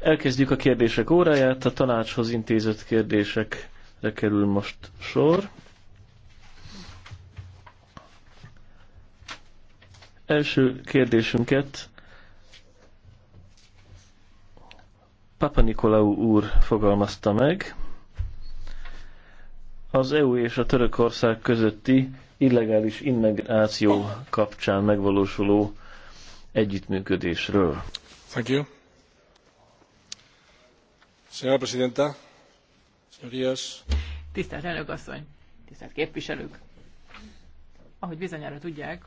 Elkezdjük a kérdések óráját, a tanácshoz intézett kérdésekre kerül most sor. Első kérdésünket Papa Nikolau úr fogalmazta meg. Az EU és a Törökország közötti illegális immigráció kapcsán megvalósuló együttműködésről. Thank you. Señora Presidenta, señorías. Tisztelt elnök asszony, tisztelt képviselők! Ahogy bizonyára tudják,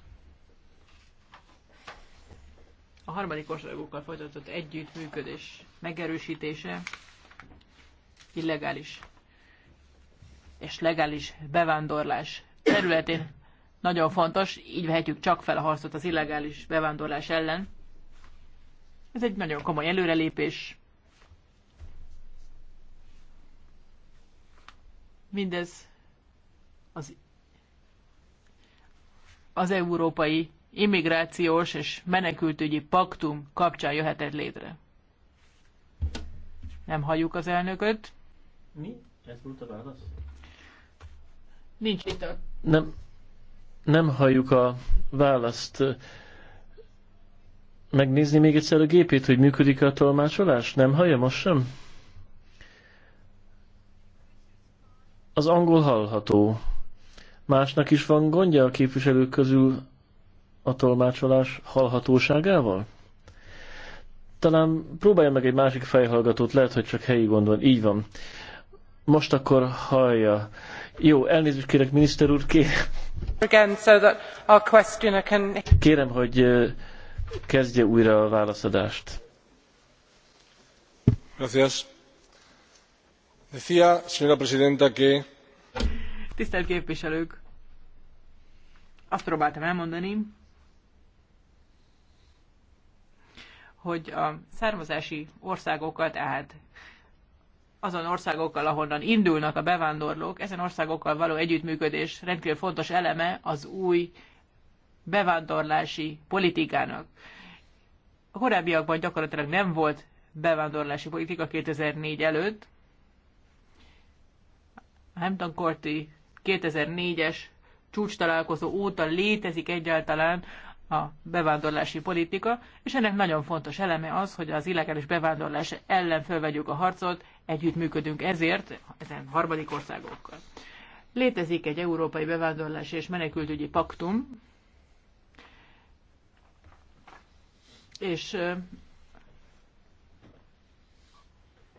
a harmadik országokkal folytatott együttműködés megerősítése illegális és legális bevándorlás területén nagyon fontos, így vehetjük csak fel a harcot az illegális bevándorlás ellen. Ez egy nagyon komoly előrelépés. Mindez az, az európai immigrációs és menekültügyi paktum kapcsán jöhetett létre. Nem halljuk az elnököt. Mi? Ez volt a válasz? Nincs itt a... Nem, nem halljuk a választ. Megnézni még egyszer a gépét, hogy működik a tolmácsolás? Nem hallja most sem? Az angol hallható. Másnak is van gondja a képviselők közül a tolmácsolás hallhatóságával? Talán próbálja meg egy másik fejhallgatót, lehet, hogy csak helyi gond van. Így van. Most akkor hallja. Jó, elnézést kérek, miniszter úr, kérem Kérem, hogy kezdje újra a válaszadást. Gracias. Decía, señora presidenta, que... Tisztelt képviselők! Azt próbáltam elmondani, hogy a származási országokat, tehát azon országokkal, ahonnan indulnak a bevándorlók, ezen országokkal való együttműködés rendkívül fontos eleme az új bevándorlási politikának. A korábbiakban gyakorlatilag nem volt bevándorlási politika 2004 előtt. A Hampton Courti 2004-es csúcs találkozó óta létezik egyáltalán a bevándorlási politika, és ennek nagyon fontos eleme az, hogy az illegális bevándorlás ellen fölvegyük a harcot, együttműködünk ezért ezen harmadik országokkal. Létezik egy európai bevándorlási és menekültügyi paktum, és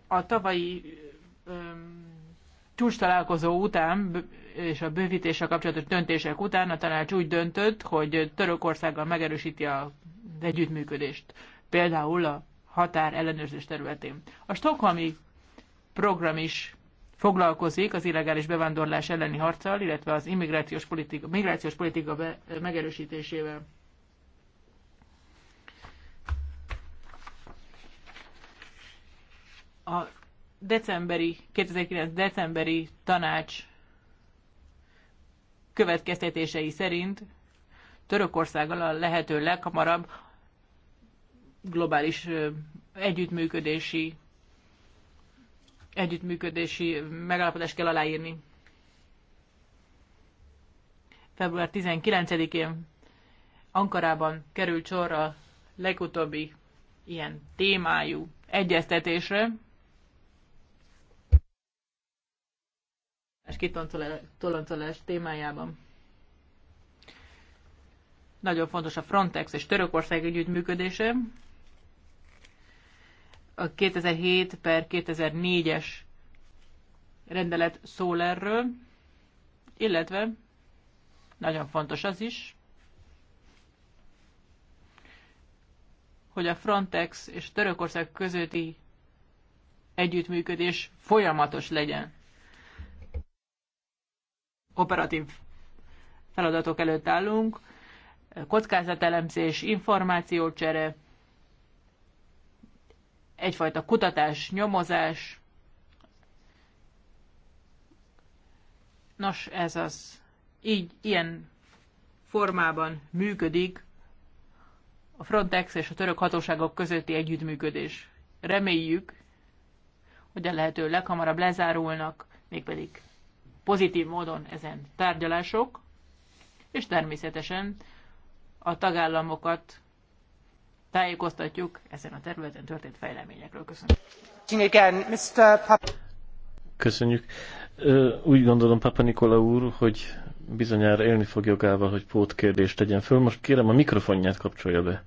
a tavalyi csúcs találkozó után és a bővítéssel kapcsolatos döntések után a tanács úgy döntött, hogy Törökországgal megerősíti az együttműködést, például a határ ellenőrzés területén. A stokholmi program is foglalkozik az illegális bevándorlás elleni harccal, illetve az immigrációs politika, migrációs politika be, megerősítésével. A decemberi, 2009. decemberi tanács következtetései szerint Törökországgal a lehető leghamarabb globális együttműködési együttműködési megállapodást kell aláírni. Február 19-én Ankarában került sor a legutóbbi ilyen témájú egyeztetésre. És kitoloncolás témájában. Nagyon fontos a Frontex és Törökország együttműködése a 2007 per 2004-es rendelet szól erről, illetve nagyon fontos az is, hogy a Frontex és Törökország közötti együttműködés folyamatos legyen. Operatív feladatok előtt állunk, kockázatelemzés, információcsere, egyfajta kutatás, nyomozás. Nos, ez az így, ilyen formában működik a Frontex és a török hatóságok közötti együttműködés. Reméljük, hogy a lehető leghamarabb lezárulnak, mégpedig pozitív módon ezen tárgyalások, és természetesen a tagállamokat tájékoztatjuk ezen a területen történt fejleményekről. Köszönöm. Köszönjük. Úgy gondolom, Papa Nikola úr, hogy bizonyára élni fog jogával, hogy pótkérdést tegyen föl. Most kérem, a mikrofonját kapcsolja be.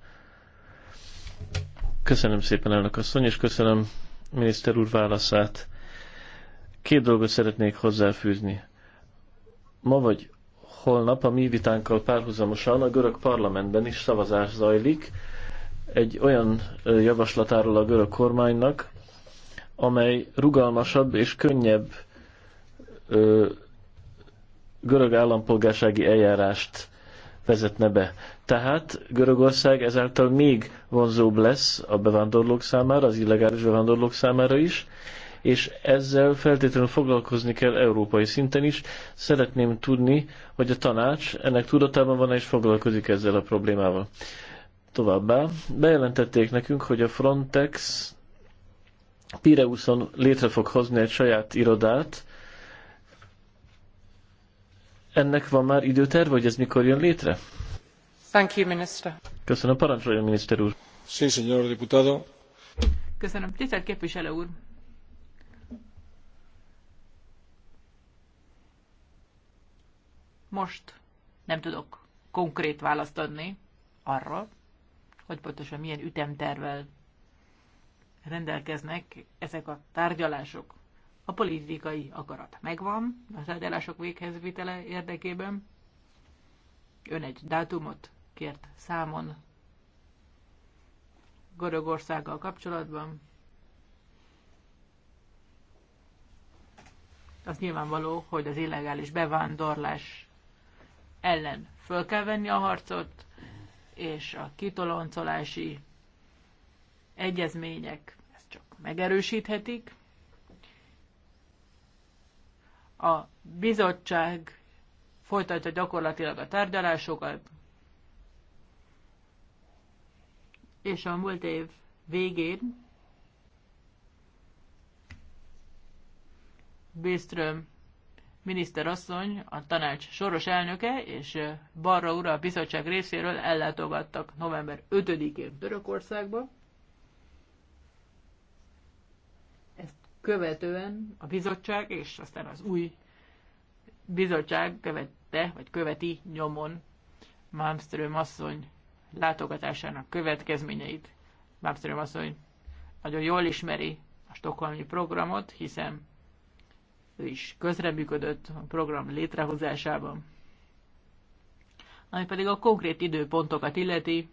Köszönöm szépen, elnök asszony, és köszönöm miniszter úr válaszát. Két dolgot szeretnék hozzáfűzni. Ma vagy holnap a mi vitánkkal párhuzamosan a görög parlamentben is szavazás zajlik, egy olyan javaslatáról a görög kormánynak, amely rugalmasabb és könnyebb ö, görög állampolgársági eljárást vezetne be. Tehát Görögország ezáltal még vonzóbb lesz a bevándorlók számára, az illegális bevándorlók számára is, és ezzel feltétlenül foglalkozni kell európai szinten is. Szeretném tudni, hogy a tanács ennek tudatában van -e és foglalkozik ezzel a problémával. Továbbá bejelentették nekünk, hogy a Frontex Pireuson létre fog hozni egy saját irodát. Ennek van már időterv, hogy ez mikor jön létre? Thank you, minister. Köszönöm, parancsolja, miniszter úr. Sí, señor diputado. Köszönöm, tisztelt képviselő úr. Most nem tudok konkrét választ adni arról, hogy pontosan milyen ütemtervel rendelkeznek ezek a tárgyalások. A politikai akarat megvan a tárgyalások véghezvitele érdekében. Ön egy dátumot kért számon Görögországgal kapcsolatban. Az nyilvánvaló, hogy az illegális bevándorlás ellen föl kell venni a harcot, és a kitoloncolási egyezmények ezt csak megerősíthetik. A bizottság folytatja gyakorlatilag a tárgyalásokat, és a múlt év végén Bistrom miniszterasszony, a tanács soros elnöke és Barra ura a bizottság részéről ellátogattak november 5-én Törökországba. Ezt követően a bizottság és aztán az új bizottság követte, vagy követi nyomon Malmström asszony látogatásának következményeit. Malmström asszony nagyon jól ismeri a stokholmi programot, hiszen ő is közreműködött a program létrehozásában. Ami pedig a konkrét időpontokat illeti,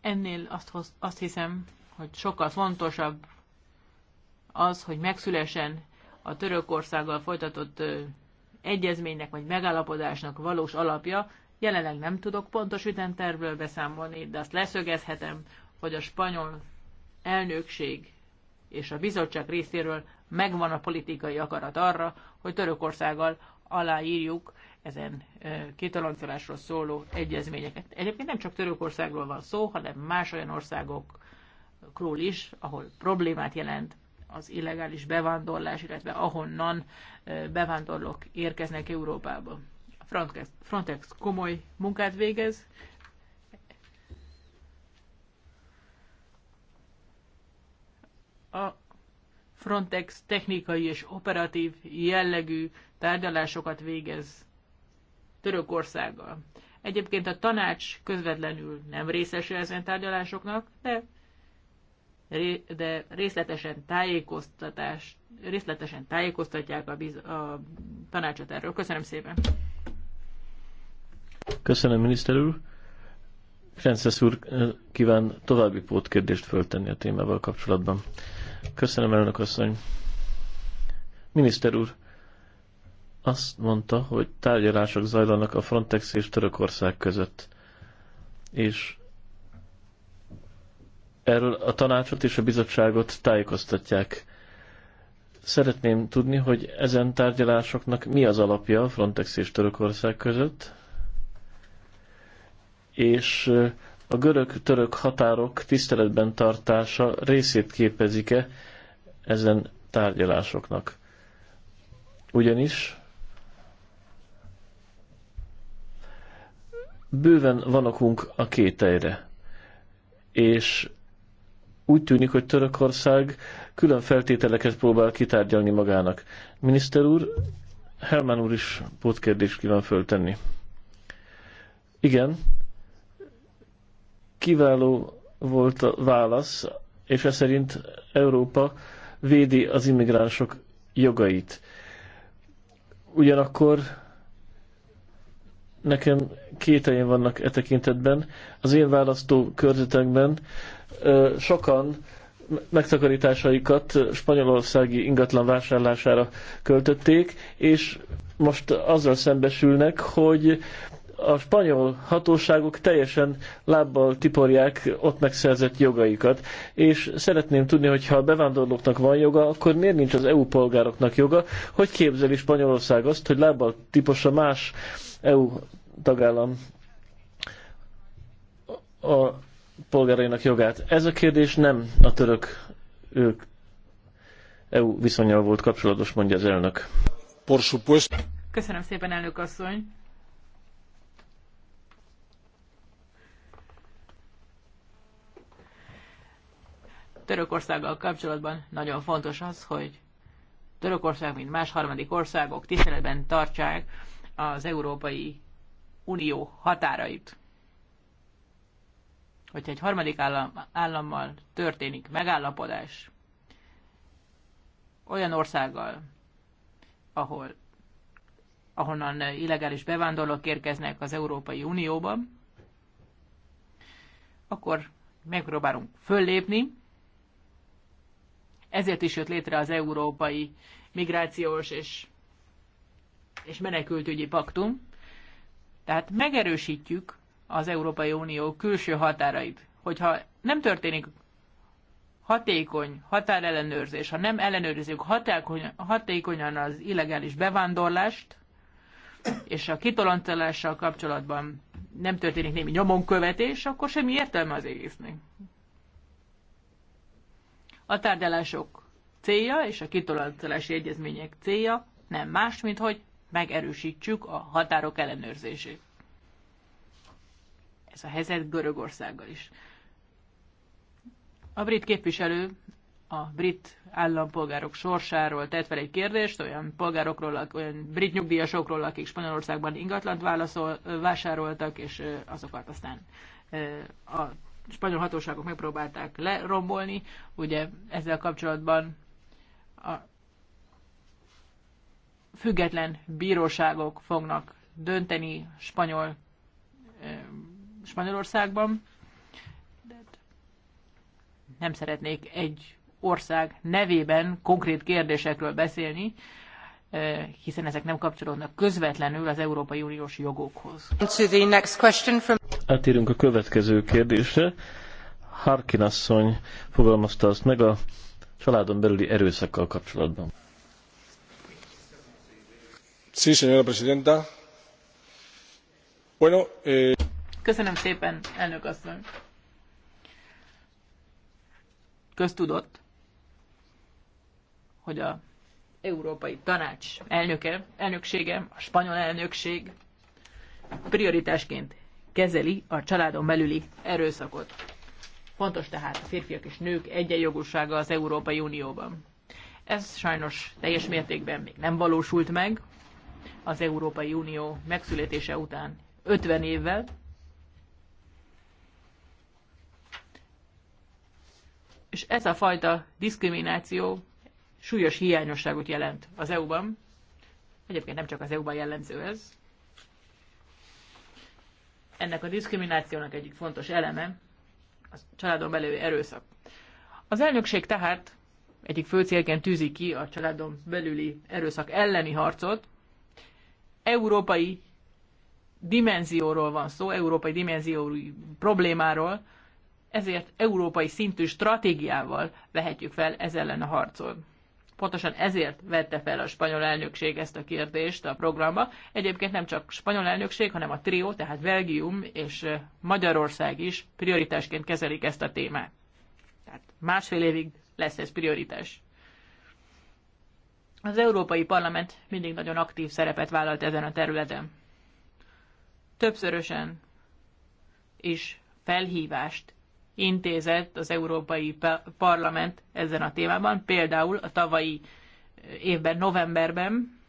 ennél azt, hoz, azt hiszem, hogy sokkal fontosabb az, hogy megszülesen a Törökországgal folytatott ö, egyezménynek vagy megállapodásnak valós alapja. Jelenleg nem tudok pontos ütemtervről beszámolni, de azt leszögezhetem, hogy a spanyol elnökség és a bizottság részéről megvan a politikai akarat arra, hogy Törökországgal aláírjuk ezen kitoloncolásról szóló egyezményeket. Egyébként nem csak Törökországról van szó, hanem más olyan országokról is, ahol problémát jelent az illegális bevándorlás, illetve ahonnan bevándorlók érkeznek Európába. A Frontex komoly munkát végez, a Frontex technikai és operatív jellegű tárgyalásokat végez Törökországgal. Egyébként a tanács közvetlenül nem részesül ezen tárgyalásoknak, de, de részletesen, tájékoztatás, részletesen tájékoztatják a, biz, a tanácsot erről. Köszönöm szépen! Köszönöm, miniszter úr! Frances úr eh, kíván további pótkérdést föltenni a témával kapcsolatban. Köszönöm, elnök asszony. Miniszter úr, azt mondta, hogy tárgyalások zajlanak a Frontex és Törökország között. És erről a tanácsot és a bizottságot tájékoztatják. Szeretném tudni, hogy ezen tárgyalásoknak mi az alapja a Frontex és Törökország között, és a görög-török határok tiszteletben tartása részét képezik-e ezen tárgyalásoknak. Ugyanis bőven van okunk a kételyre, és úgy tűnik, hogy Törökország külön feltételeket próbál kitárgyalni magának. Miniszter úr, Helmán úr is pótkérdést kíván föltenni. Igen, Kiváló volt a válasz, és ez szerint Európa védi az immigránsok jogait. Ugyanakkor nekem két helyen vannak e tekintetben. Az én választó körzetekben sokan megtakarításaikat spanyolországi ingatlan vásárlására költötték, és most azzal szembesülnek, hogy a spanyol hatóságok teljesen lábbal tiporják ott megszerzett jogaikat, és szeretném tudni, hogy ha a bevándorlóknak van joga, akkor miért nincs az EU polgároknak joga, hogy képzeli Spanyolország azt, hogy lábbal a más EU tagállam a polgárainak jogát. Ez a kérdés nem a török ők EU viszonyal volt kapcsolatos, mondja az elnök. Köszönöm szépen, elnök asszony! Törökországgal kapcsolatban nagyon fontos az, hogy Törökország, mint más harmadik országok tiszteletben tartsák az Európai Unió határait. Hogyha egy harmadik állam, állammal történik megállapodás, olyan országgal, ahol, ahonnan illegális bevándorlók érkeznek az Európai Unióban, akkor megpróbálunk föllépni, ezért is jött létre az Európai Migrációs és, és Menekültügyi Paktum. Tehát megerősítjük az Európai Unió külső határait. Hogyha nem történik hatékony határellenőrzés, ha nem ellenőrizzük hatékony, hatékonyan az illegális bevándorlást, és a kitoloncolással kapcsolatban nem történik némi nyomonkövetés, akkor semmi értelme az egésznek. A tárgyalások célja és a kitoloncolási egyezmények célja nem más, mint hogy megerősítsük a határok ellenőrzését. Ez a helyzet Görögországgal is. A brit képviselő a brit állampolgárok sorsáról tett fel egy kérdést, olyan polgárokról, olyan brit nyugdíjasokról, akik Spanyolországban ingatlant válaszol, vásároltak, és azokat aztán a spanyol hatóságok megpróbálták lerombolni, ugye ezzel kapcsolatban a független bíróságok fognak dönteni spanyol, Spanyolországban. Hát nem szeretnék egy ország nevében konkrét kérdésekről beszélni, hiszen ezek nem kapcsolódnak közvetlenül az Európai Uniós jogokhoz. Átérünk a következő kérdésre. Harkin asszony fogalmazta azt meg a családon belüli erőszakkal kapcsolatban. Sí, señora presidenta. Bueno, eh... Köszönöm szépen, elnök asszony. Köztudott, hogy a Európai Tanács elnöke, elnöksége, a spanyol elnökség prioritásként kezeli a családon belüli erőszakot. Fontos tehát a férfiak és nők egyenjogúsága az Európai Unióban. Ez sajnos teljes mértékben még nem valósult meg az Európai Unió megszületése után 50 évvel. És ez a fajta diszkrimináció súlyos hiányosságot jelent az EU-ban. Egyébként nem csak az EU-ban jellemző ez. Ennek a diszkriminációnak egyik fontos eleme a családon belüli erőszak. Az elnökség tehát egyik fő célként tűzi ki a családon belüli erőszak elleni harcot. Európai dimenzióról van szó, európai dimenziói problémáról, ezért európai szintű stratégiával vehetjük fel ez ellen a harcot pontosan ezért vette fel a spanyol elnökség ezt a kérdést a programba. Egyébként nem csak spanyol elnökség, hanem a trió, tehát Belgium és Magyarország is prioritásként kezelik ezt a témát. Tehát másfél évig lesz ez prioritás. Az Európai Parlament mindig nagyon aktív szerepet vállalt ezen a területen. Többszörösen is felhívást intézett az Európai Parlament ezen a témában, például a tavalyi eh, évben, novemberben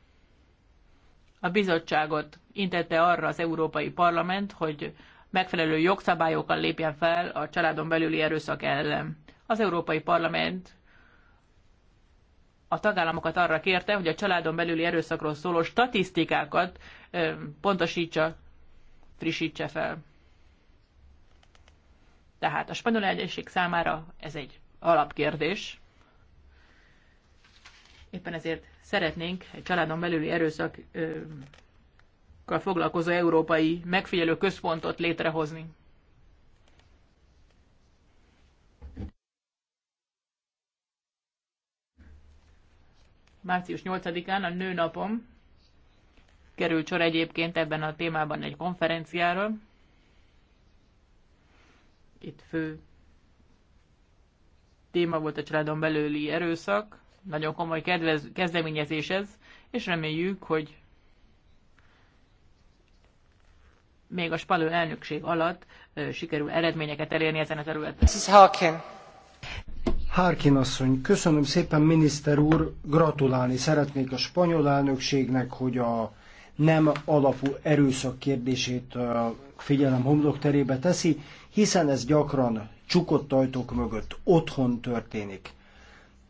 a bizottságot intette arra az Európai Parlament, hogy megfelelő jogszabályokkal lépjen fel a családon belüli erőszak ellen. Az Európai Parlament a tagállamokat arra kérte, hogy a családon belüli erőszakról szóló statisztikákat eh, pontosítsa, frissítse fel. Tehát a spanyol elnökség számára ez egy alapkérdés. Éppen ezért szeretnénk egy családon belüli erőszakkal foglalkozó európai megfigyelő központot létrehozni. Március 8-án a nőnapom került sor egyébként ebben a témában egy konferenciáról. Itt fő téma volt a családon belőli erőszak. Nagyon komoly kedvez, kezdeményezés ez, és reméljük, hogy még a spalő elnökség alatt ö, sikerül eredményeket elérni ezen a területen. Mrs. Harkin. Harkin asszony, köszönöm szépen, miniszter úr, gratulálni szeretnék a spanyol elnökségnek, hogy a nem alapú erőszak kérdését figyelem homlok terébe teszi, hiszen ez gyakran csukott ajtók mögött otthon történik.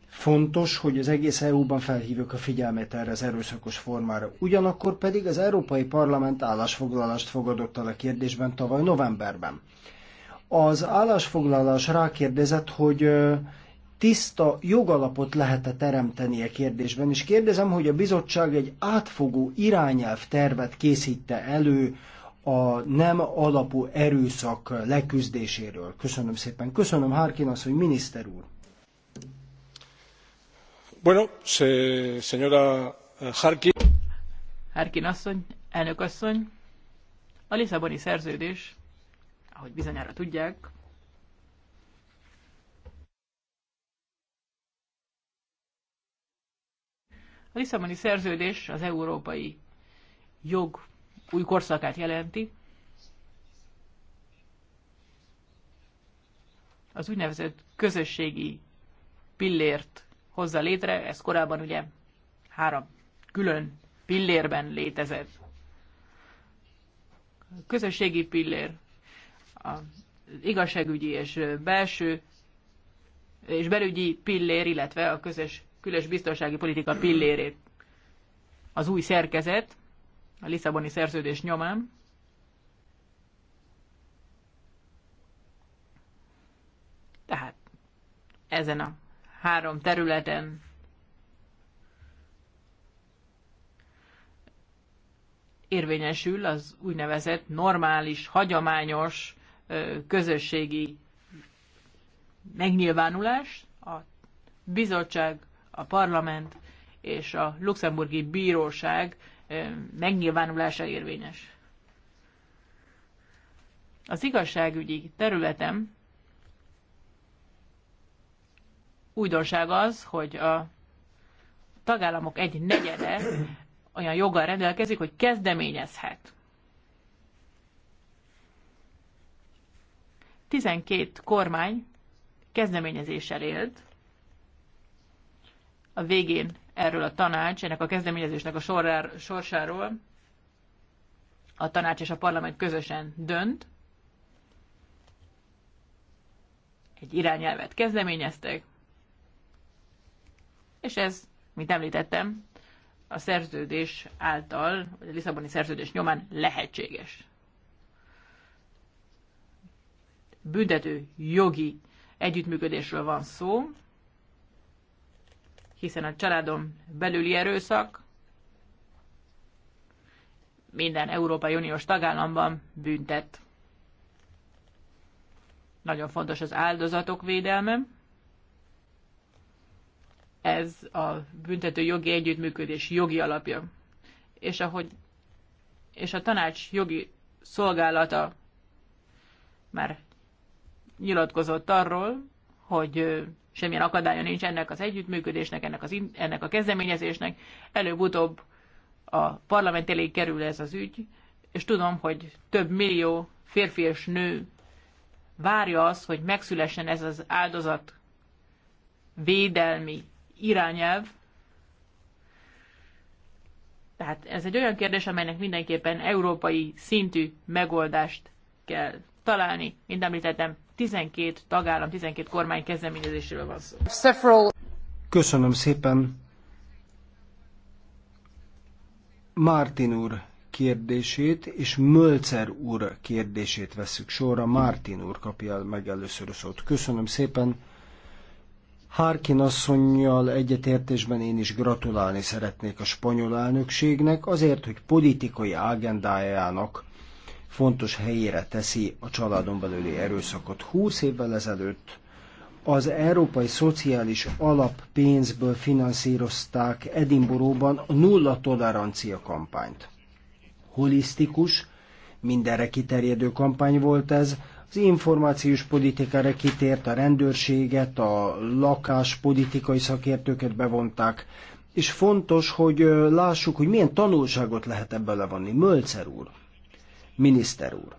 Fontos, hogy az egész EU-ban felhívjuk a figyelmet erre az erőszakos formára. Ugyanakkor pedig az Európai Parlament állásfoglalást fogadott el a kérdésben tavaly novemberben. Az állásfoglalás rákérdezett, hogy tiszta jogalapot lehet-e teremteni a e kérdésben, és kérdezem, hogy a bizottság egy átfogó irányelv tervet készítte elő a nem alapú erőszak leküzdéséről. Köszönöm szépen. Köszönöm Harkin az, hogy miniszter úr. Bueno, se, señora Harkin. Harkin asszony, elnök asszony, a Lisszaboni szerződés, ahogy bizonyára tudják, a Lisszaboni szerződés az európai jog új korszakát jelenti. Az úgynevezett közösségi pillért hozza létre, ez korábban ugye három külön pillérben létezett. A közösségi pillér, az igazságügyi és belső és belügyi pillér, illetve a közös külös biztonsági politika pillérét. Az új szerkezet a Lisszaboni szerződés nyomán. Tehát ezen a három területen érvényesül az úgynevezett normális, hagyományos közösségi megnyilvánulás, a bizottság, a parlament és a luxemburgi bíróság megnyilvánulása érvényes. Az igazságügyi területem újdonság az, hogy a tagállamok egy negyede olyan joggal rendelkezik, hogy kezdeményezhet. 12 kormány kezdeményezéssel élt. A végén erről a tanács, ennek a kezdeményezésnek a sorrár, sorsáról a tanács és a parlament közösen dönt. Egy irányelvet kezdeményeztek, és ez, mint említettem, a szerződés által, vagy a Lisszaboni szerződés nyomán lehetséges. Büntető jogi együttműködésről van szó, hiszen a családom belüli erőszak minden Európai Uniós tagállamban büntet. Nagyon fontos az áldozatok védelme. Ez a büntető jogi együttműködés jogi alapja. És ahogy és a tanács jogi szolgálata már nyilatkozott arról, hogy semmilyen akadálya nincs ennek az együttműködésnek, ennek, az, ennek a kezdeményezésnek. Előbb-utóbb a parlament elé kerül ez az ügy, és tudom, hogy több millió férfi és nő várja az, hogy megszülessen ez az áldozat védelmi irányelv. Tehát ez egy olyan kérdés, amelynek mindenképpen európai szintű megoldást kell találni. Mint említettem, 12 tagállam, 12 kormány kezdeményezéséről van szó. Köszönöm szépen. Martin úr kérdését és Mölcer úr kérdését veszük sorra. Martin úr kapja meg először a szót. Köszönöm szépen. Harkin asszonynal egyetértésben én is gratulálni szeretnék a spanyol elnökségnek azért, hogy politikai agendájának fontos helyére teszi a családon belüli erőszakot. húsz évvel ezelőtt az Európai Szociális Alap pénzből finanszírozták Edinburgh-ban a nulla tolerancia kampányt. Holisztikus, mindenre kiterjedő kampány volt ez, az információs politikára kitért, a rendőrséget, a lakás politikai szakértőket bevonták, és fontos, hogy lássuk, hogy milyen tanulságot lehet ebből levonni. Mölcer úr. Miniszter úr,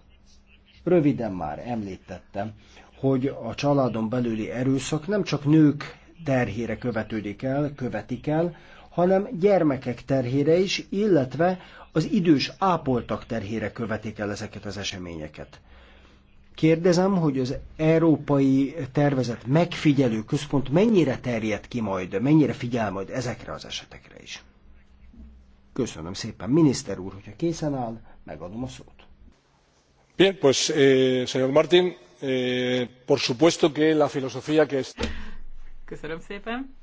röviden már említettem, hogy a családon belüli erőszak nem csak nők terhére követődik el, követik el, hanem gyermekek terhére is, illetve az idős ápoltak terhére követik el ezeket az eseményeket. Kérdezem, hogy az európai tervezet megfigyelő központ mennyire terjed ki majd, mennyire figyel majd ezekre az esetekre is. Köszönöm szépen, miniszter úr, hogyha készen áll, megadom a szót. Bien, pues, eh, señor Martin, eh, por supuesto que la filosofía que es... Köszönöm szépen.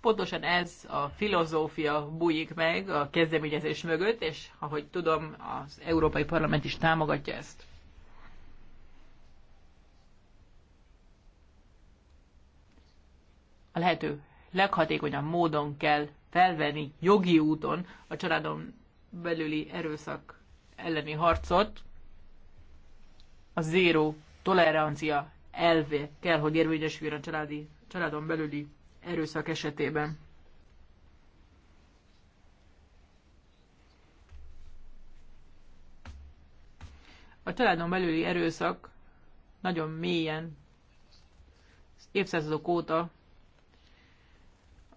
Pontosan ez a filozófia bújik meg a kezdeményezés mögött, és ahogy tudom, az Európai Parlament is támogatja ezt. A lehető leghatékonyabb módon kell felvenni jogi úton a családon belüli erőszak elleni harcot a zéró tolerancia elve kell, hogy érvényesüljön a családi, családon belüli erőszak esetében. A családon belüli erőszak nagyon mélyen évszázadok óta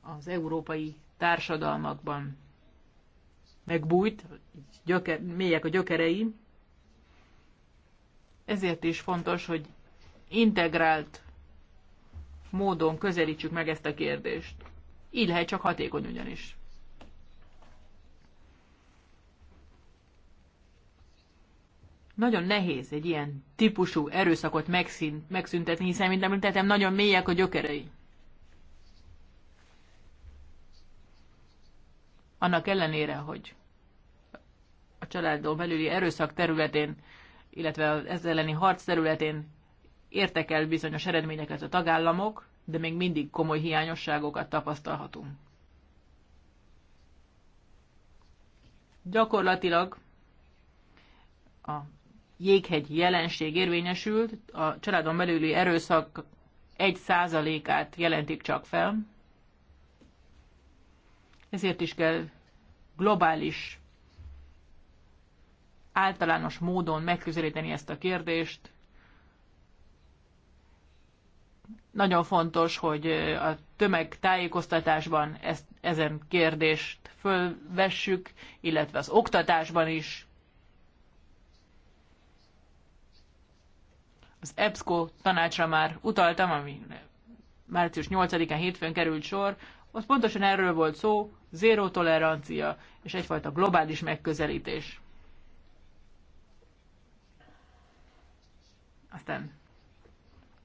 az európai társadalmakban megbújt, gyöker, mélyek a gyökerei. Ezért is fontos, hogy integrált módon közelítsük meg ezt a kérdést. Így lehet csak hatékony ugyanis. Nagyon nehéz egy ilyen típusú erőszakot megszüntetni, hiszen, mint említettem, nagyon mélyek a gyökerei. annak ellenére, hogy a családon belüli erőszak területén, illetve az ezzel elleni harc területén értek el bizonyos eredményeket a tagállamok, de még mindig komoly hiányosságokat tapasztalhatunk. Gyakorlatilag a jéghegy jelenség érvényesült, a családon belüli erőszak egy százalékát jelentik csak fel, ezért is kell globális, általános módon megközelíteni ezt a kérdést. Nagyon fontos, hogy a tömegtájékoztatásban ezt, ezen kérdést fölvessük, illetve az oktatásban is. Az EBSCO tanácsra már utaltam, ami március 8-án hétfőn került sor, ott pontosan erről volt szó, zéró tolerancia és egyfajta globális megközelítés. Aztán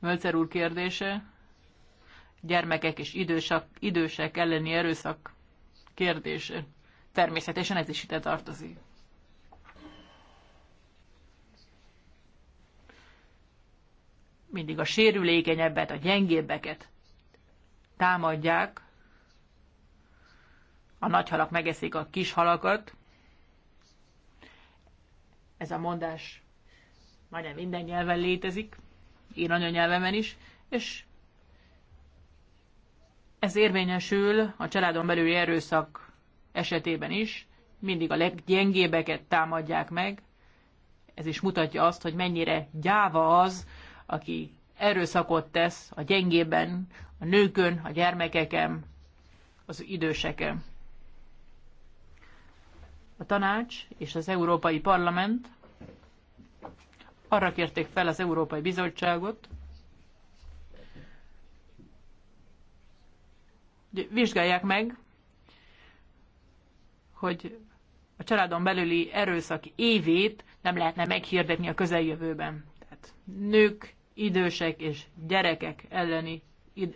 Mölcer úr kérdése, gyermekek és idősak, idősek elleni erőszak kérdése. Természetesen ez is ide tartozik. Mindig a sérülékenyebbet, a gyengébbeket támadják, a nagyhalak megeszik a kis halakat. Ez a mondás majdnem minden nyelven létezik, én anyanyelvemen is, és ez érvényesül a családon belüli erőszak esetében is, mindig a leggyengébbeket támadják meg. Ez is mutatja azt, hogy mennyire gyáva az, aki erőszakot tesz a gyengében, a nőkön, a gyermekeken, az időseken. A tanács és az Európai Parlament arra kérték fel az Európai Bizottságot, hogy vizsgálják meg, hogy a családon belüli erőszak évét nem lehetne meghirdetni a közeljövőben. Tehát nők, idősek és gyerekek elleni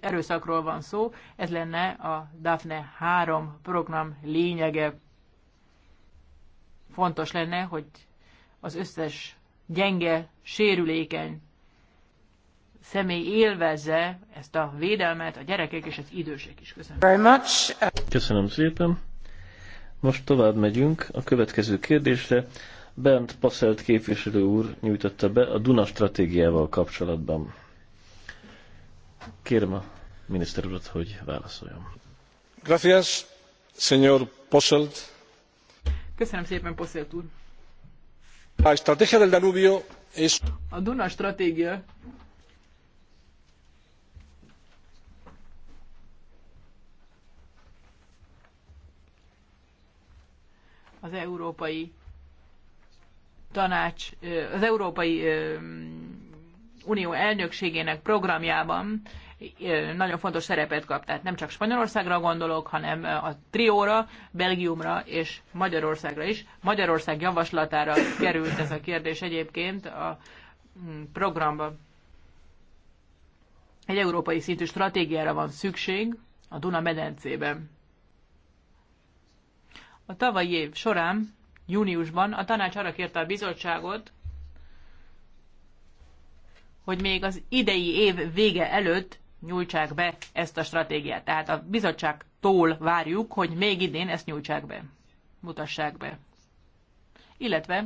erőszakról van szó, ez lenne a DAFNE 3 program lényege fontos lenne, hogy az összes gyenge, sérülékeny személy élvezze ezt a védelmet, a gyerekek és az idősek is. Köszönöm. Very much. Köszönöm szépen. Most tovább megyünk a következő kérdésre. Bent Passelt képviselő úr nyújtotta be a Duna stratégiával kapcsolatban. Kérem a miniszter urat, hogy válaszoljon. Gracias, señor Posselt. Köszönöm szépen, Poszélt úr. A estratégia del Danubio és... A Duna stratégia az európai tanács, az európai Unió elnökségének programjában nagyon fontos szerepet kap. Tehát nem csak Spanyolországra gondolok, hanem a trióra, Belgiumra és Magyarországra is. Magyarország javaslatára került ez a kérdés egyébként a mm, programba. Egy európai szintű stratégiára van szükség a Duna-medencében. A tavalyi év során, júniusban a tanács arra kérte a bizottságot, hogy még az idei év vége előtt nyújtsák be ezt a stratégiát. Tehát a bizottságtól várjuk, hogy még idén ezt nyújtsák be, mutassák be. Illetve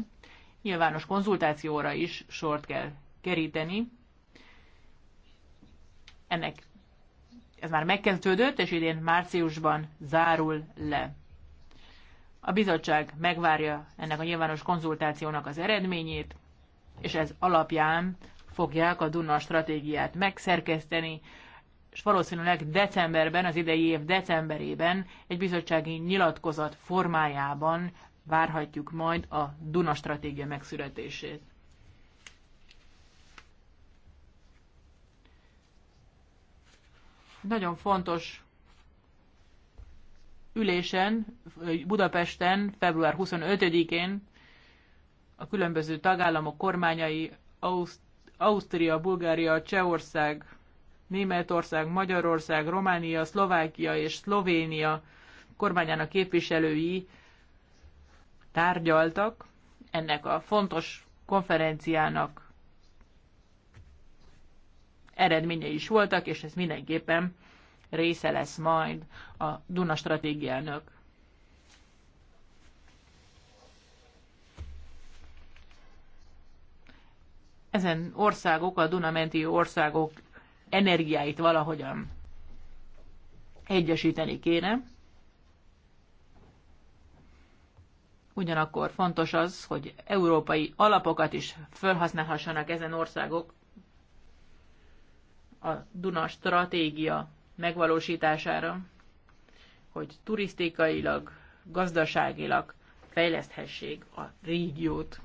nyilvános konzultációra is sort kell keríteni. Ennek ez már megkezdődött, és idén márciusban zárul le. A bizottság megvárja ennek a nyilvános konzultációnak az eredményét, és ez alapján fogják a Duna stratégiát megszerkeszteni, és valószínűleg decemberben, az idei év decemberében egy bizottsági nyilatkozat formájában várhatjuk majd a Duna stratégia megszületését. Nagyon fontos ülésen Budapesten február 25-én a különböző tagállamok kormányai, Auszt Ausztria, Bulgária, Csehország, Németország, Magyarország, Románia, Szlovákia és Szlovénia kormányának képviselői tárgyaltak ennek a fontos konferenciának eredményei is voltak, és ez mindenképpen része lesz majd a Duna stratégiának. ezen országok, a Dunamenti országok energiáit valahogyan egyesíteni kéne. Ugyanakkor fontos az, hogy európai alapokat is felhasználhassanak ezen országok a Duna stratégia megvalósítására, hogy turisztikailag, gazdaságilag fejleszthessék a régiót.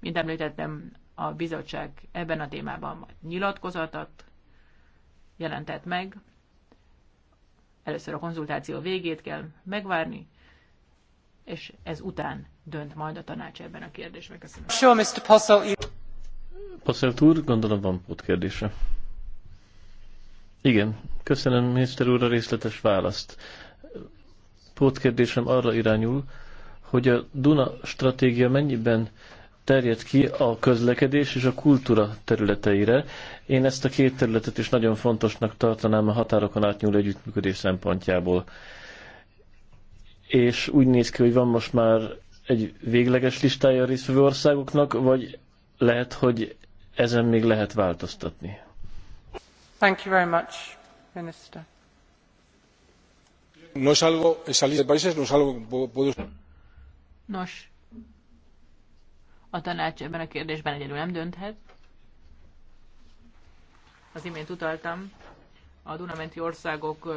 Mint említettem, a bizottság ebben a témában majd nyilatkozatot jelentett meg. Először a konzultáció végét kell megvárni, és ez után dönt majd a tanács ebben a kérdésben. Köszönöm. Sure, Mr. Posselt. Posselt úr, gondolom van kérdése. Igen, köszönöm miniszter úr a részletes választ. Pótkérdésem arra irányul, hogy a Duna stratégia mennyiben terjed ki a közlekedés és a kultúra területeire. Én ezt a két területet is nagyon fontosnak tartanám a határokon átnyúló együttműködés szempontjából. És úgy néz ki, hogy van most már egy végleges listája a résztvevő országoknak, vagy lehet, hogy ezen még lehet változtatni. Thank you very much, Minister. de países Nos, a tanács ebben a kérdésben egyedül nem dönthet. Az imént utaltam a Dunamenti országok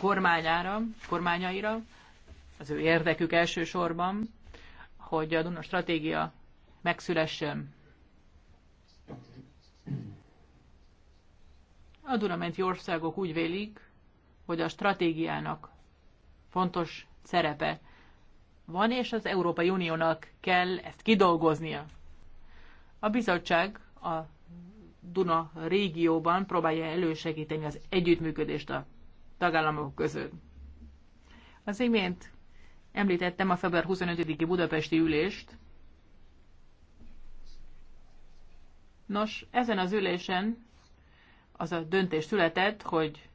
kormányára, kormányaira, az ő érdekük elsősorban, hogy a Duna stratégia megszülessen. A Dunamenti országok úgy vélik, hogy a stratégiának fontos szerepe van, és az Európai Uniónak kell ezt kidolgoznia. A bizottság a Duna régióban próbálja elősegíteni az együttműködést a tagállamok között. Az imént említettem a február 25-i budapesti ülést. Nos, ezen az ülésen az a döntés született, hogy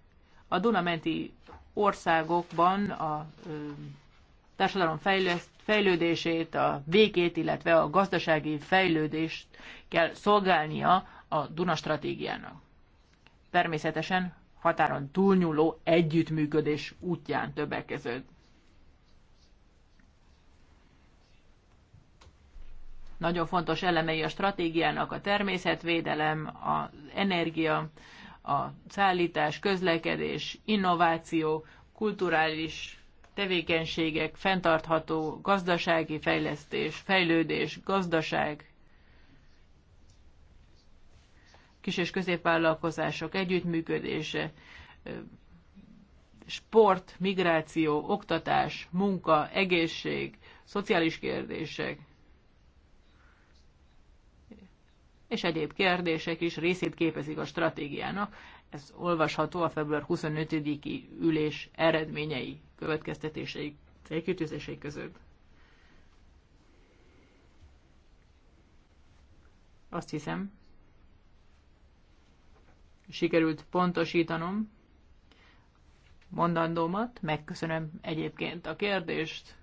a Dunamenti országokban a társadalom fejlődését, a végét, illetve a gazdasági fejlődést kell szolgálnia a Duna stratégiának. Természetesen határon túlnyúló együttműködés útján többek között. Nagyon fontos elemei a stratégiának a természetvédelem, az energia, a szállítás, közlekedés, innováció, kulturális tevékenységek, fenntartható gazdasági fejlesztés, fejlődés, gazdaság, kis- és középvállalkozások együttműködése, sport, migráció, oktatás, munka, egészség, szociális kérdések, és egyéb kérdések is részét képezik a stratégiának ez olvasható a február 25-i ülés eredményei, következtetései, célkütőzései között. Azt hiszem, sikerült pontosítanom mondandómat, megköszönöm egyébként a kérdést,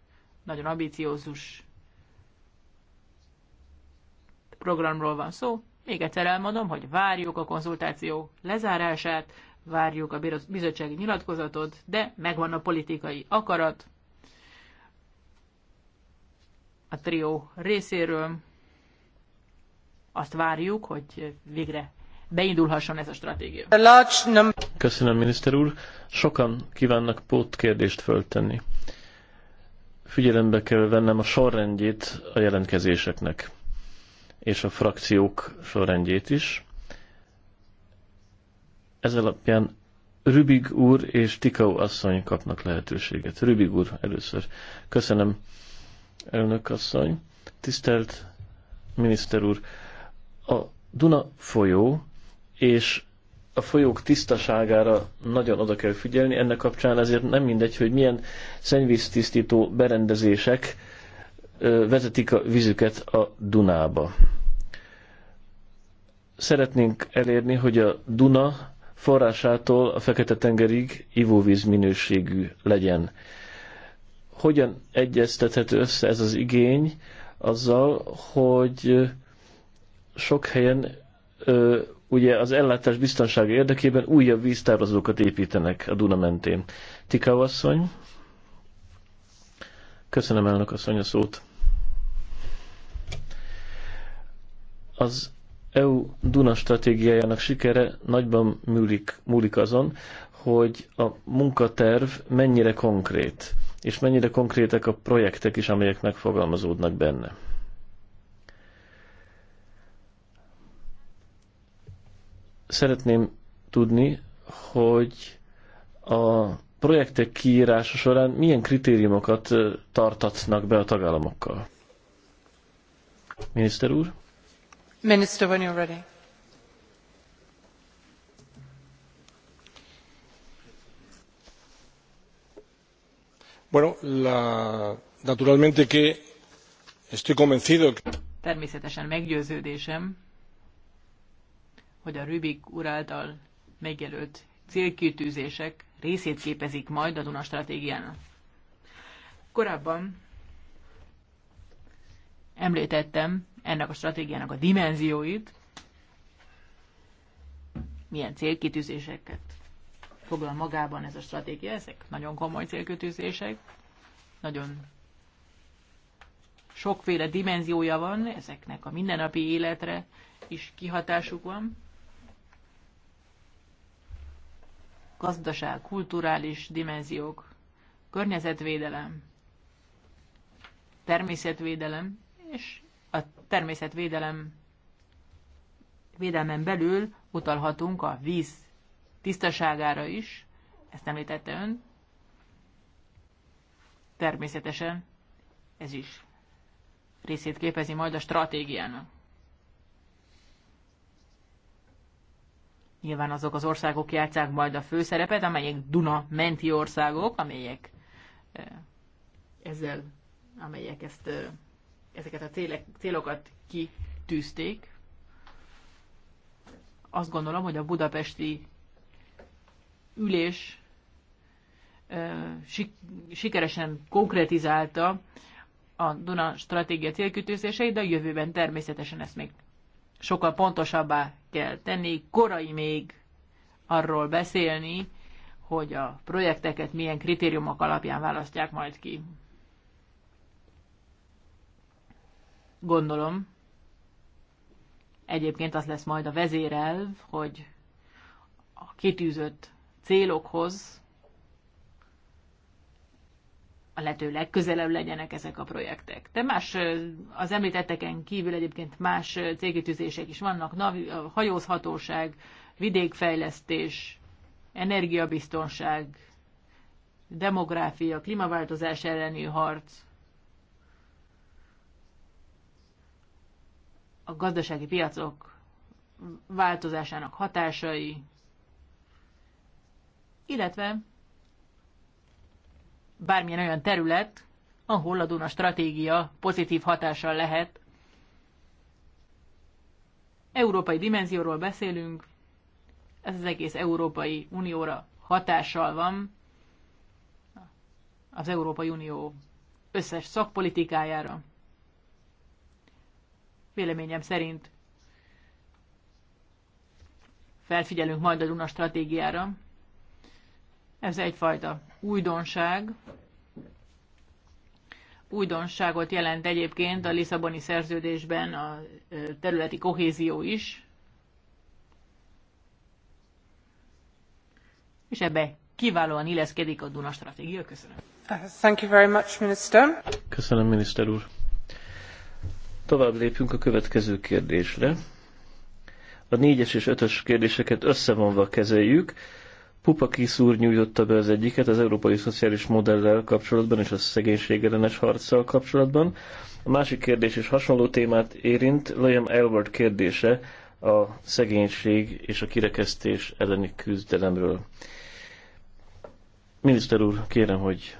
nagyon ambiciózus programról van szó, még egyszer elmondom, hogy várjuk a konzultáció lezárását, várjuk a bizottsági nyilatkozatot, de megvan a politikai akarat a trió részéről. Azt várjuk, hogy végre beindulhasson ez a stratégia. Köszönöm, miniszter úr. Sokan kívánnak pótkérdést föltenni. Figyelembe kell vennem a sorrendjét a jelentkezéseknek és a frakciók sorrendjét is. Ez alapján Rübig úr és Tikau asszony kapnak lehetőséget. Rübig úr először. Köszönöm, elnök asszony. Tisztelt miniszter úr, a Duna folyó és a folyók tisztaságára nagyon oda kell figyelni. Ennek kapcsán ezért nem mindegy, hogy milyen szennyvíztisztító berendezések vezetik a vizüket a Dunába szeretnénk elérni, hogy a Duna forrásától a Fekete-tengerig ivóvíz minőségű legyen. Hogyan egyeztethető össze ez az igény azzal, hogy sok helyen ugye az ellátás biztonsága érdekében újabb víztározókat építenek a Duna mentén. Tika asszony, köszönöm elnök asszony a szót. Az EU Duna stratégiájának sikere nagyban múlik, múlik azon, hogy a munkaterv mennyire konkrét, és mennyire konkrétek a projektek is, amelyek megfogalmazódnak benne. Szeretném tudni, hogy a projektek kiírása során milyen kritériumokat tartatnak be a tagállamokkal. Miniszter úr? naturalmente que estoy convencido. Természetesen meggyőződésem, hogy a rübig úr által megjelölt célkitűzések részét képezik majd a Duna stratégiának. Korábban emltettem ennek a stratégiának a dimenzióit, milyen célkitűzéseket foglal magában ez a stratégia. Ezek nagyon komoly célkitűzések, nagyon sokféle dimenziója van, ezeknek a mindennapi életre is kihatásuk van. Gazdaság, kulturális dimenziók, környezetvédelem, természetvédelem, és a természetvédelem védelmen belül utalhatunk a víz tisztaságára is, ezt említette ön. Természetesen ez is részét képezi majd a stratégiának. Nyilván azok az országok játszák majd a főszerepet, amelyek Duna menti országok, amelyek eh, ezzel, amelyek ezt eh, ezeket a célek, célokat kitűzték. Azt gondolom, hogy a budapesti ülés sikeresen konkretizálta a Duna stratégia célkütőzéseit, de a jövőben természetesen ezt még sokkal pontosabbá kell tenni, korai még arról beszélni, hogy a projekteket milyen kritériumok alapján választják majd ki. Gondolom, egyébként az lesz majd a vezérelv, hogy a kitűzött célokhoz a lehető legközelebb legyenek ezek a projektek. De más, az említetteken kívül egyébként más cégkitűzések is vannak, hajózhatóság, vidékfejlesztés, energiabiztonság, demográfia, klímaváltozás elleni harc, a gazdasági piacok változásának hatásai, illetve bármilyen olyan terület, ahol a Duna stratégia pozitív hatással lehet. Európai dimenzióról beszélünk, ez az egész Európai Unióra hatással van, az Európai Unió összes szakpolitikájára. Véleményem szerint felfigyelünk majd a Duna stratégiára. Ez egyfajta újdonság. Újdonságot jelent egyébként a Lisszaboni szerződésben a területi kohézió is, és ebbe kiválóan illeszkedik a Duna stratégia. Köszönöm. Thank you very much, Minister. Köszönöm, miniszter úr. Tovább lépünk a következő kérdésre. A négyes és ötös kérdéseket összevonva kezeljük. Pupakis úr nyújtotta be az egyiket az európai szociális modellel kapcsolatban és a szegénység ellenes harccal kapcsolatban. A másik kérdés is hasonló témát érint, Liam Elward kérdése a szegénység és a kirekesztés elleni küzdelemről. Miniszter úr, kérem, hogy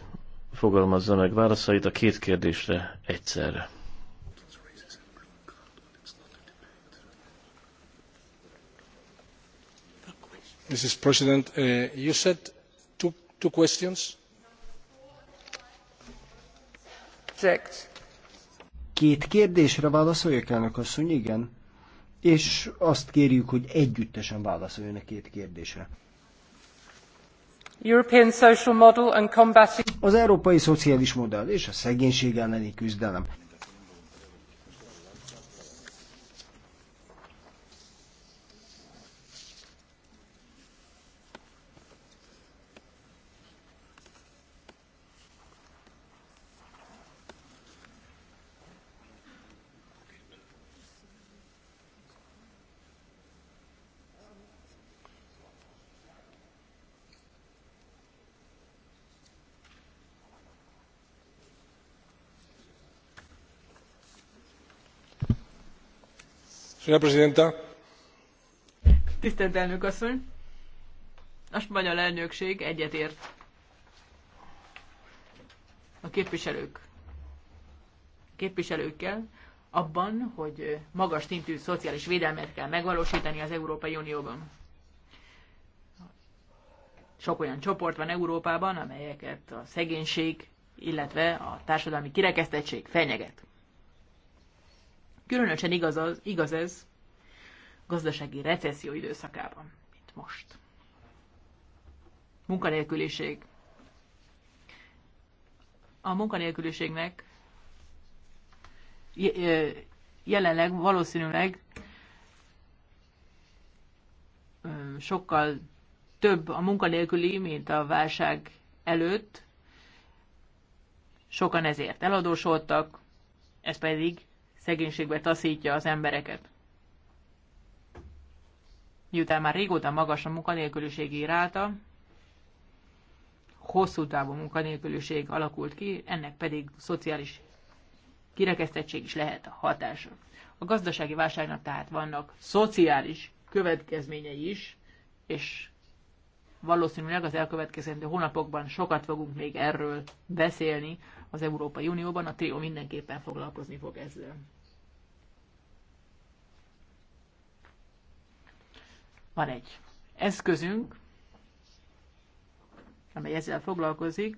fogalmazza meg válaszait a két kérdésre egyszerre. mrs president uh, you said two, questions. Két kérdésre válaszoljak, elnök asszony, igen. És azt kérjük, hogy együttesen válaszoljon a két kérdésre. Az európai szociális modell és a szegénység elleni küzdelem. Señora Presidenta. Tisztelt elnök asszony! A spanyol elnökség egyetért a képviselők képviselőkkel abban, hogy magas szintű szociális védelmet kell megvalósítani az Európai Unióban. Sok olyan csoport van Európában, amelyeket a szegénység, illetve a társadalmi kirekesztettség fenyeget. Különösen igaz, az, igaz ez gazdasági recesszió időszakában, mint most. Munkanélküliség. A munkanélküliségnek jelenleg valószínűleg sokkal több a munkanélküli, mint a válság előtt. Sokan ezért eladósoltak, ez pedig szegénységbe taszítja az embereket. Miután már régóta magas a munkanélküliség iráta, hosszú távú munkanélküliség alakult ki, ennek pedig szociális kirekesztettség is lehet a hatása. A gazdasági válságnak tehát vannak szociális következményei is, és valószínűleg az elkövetkezendő hónapokban sokat fogunk még erről beszélni az Európai Unióban, a TRIO mindenképpen foglalkozni fog ezzel. Van egy eszközünk, amely ezzel foglalkozik,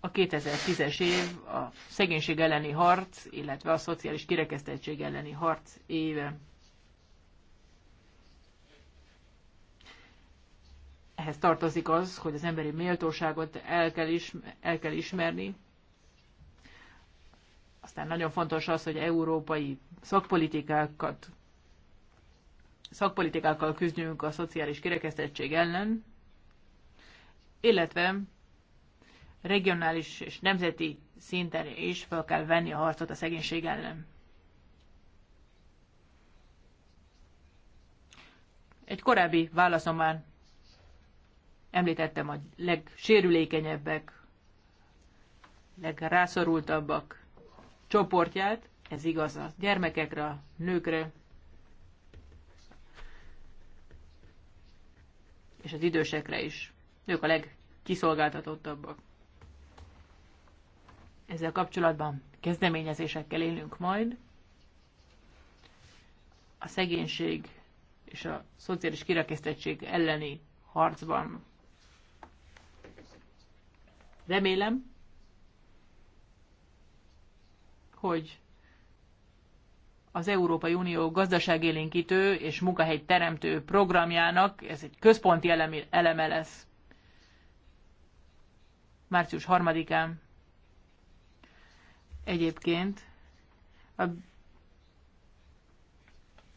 a 2010-es év a szegénység elleni harc, illetve a szociális kirekesztettség elleni harc éve. Ehhez tartozik az, hogy az emberi méltóságot el kell, ismer, el kell ismerni, aztán nagyon fontos az, hogy európai szakpolitikákat szakpolitikákkal küzdjünk a szociális kirekesztettség ellen, illetve regionális és nemzeti szinten is fel kell venni a harcot a szegénység ellen. Egy korábbi válaszom már említettem a legsérülékenyebbek, legrászorultabbak csoportját, ez igaz a gyermekekre, a nőkre, és az idősekre is. Ők a legkiszolgáltatottabbak. Ezzel kapcsolatban kezdeményezésekkel élünk majd. A szegénység és a szociális kirakesztettség elleni harcban. Remélem, hogy az Európai Unió gazdaságélénkítő és munkahely teremtő programjának ez egy központi eleme lesz. Március 3-án egyébként a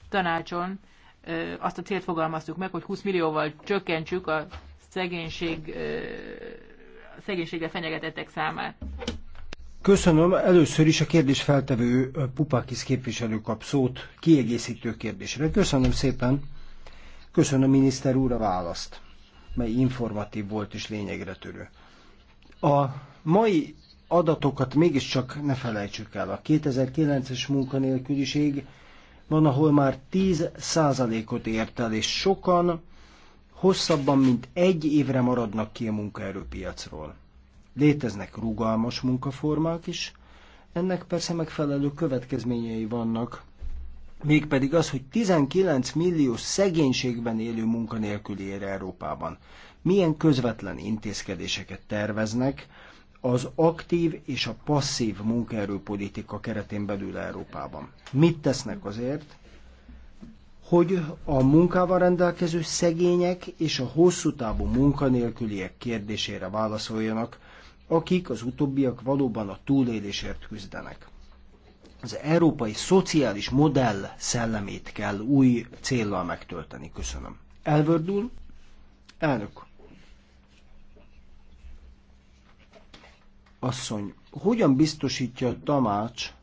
tanácson azt a célt fogalmaztuk meg, hogy 20 millióval csökkentsük a szegénység, a szegénységre fenyegetettek számát. Köszönöm. Először is a kérdés feltevő Pupakis képviselő kap szót kiegészítő kérdésre. Köszönöm szépen. Köszönöm miniszter úr a választ, mely informatív volt és lényegre törő. A mai adatokat mégiscsak ne felejtsük el. A 2009-es munkanélküliség van, ahol már 10 százalékot ért el, és sokan hosszabban, mint egy évre maradnak ki a munkaerőpiacról. Léteznek rugalmas munkaformák is, ennek persze megfelelő következményei vannak, mégpedig az, hogy 19 millió szegénységben élő munkanélküli ér Európában. Milyen közvetlen intézkedéseket terveznek az aktív és a passzív munkaerőpolitika keretén belül Európában? Mit tesznek azért, hogy a munkával rendelkező szegények és a hosszú távú munkanélküliek kérdésére válaszoljanak, akik az utóbbiak valóban a túlélésért küzdenek. Az európai szociális modell szellemét kell új céllal megtölteni. Köszönöm. Elvördül, elnök. Asszony, hogyan biztosítja a tanács,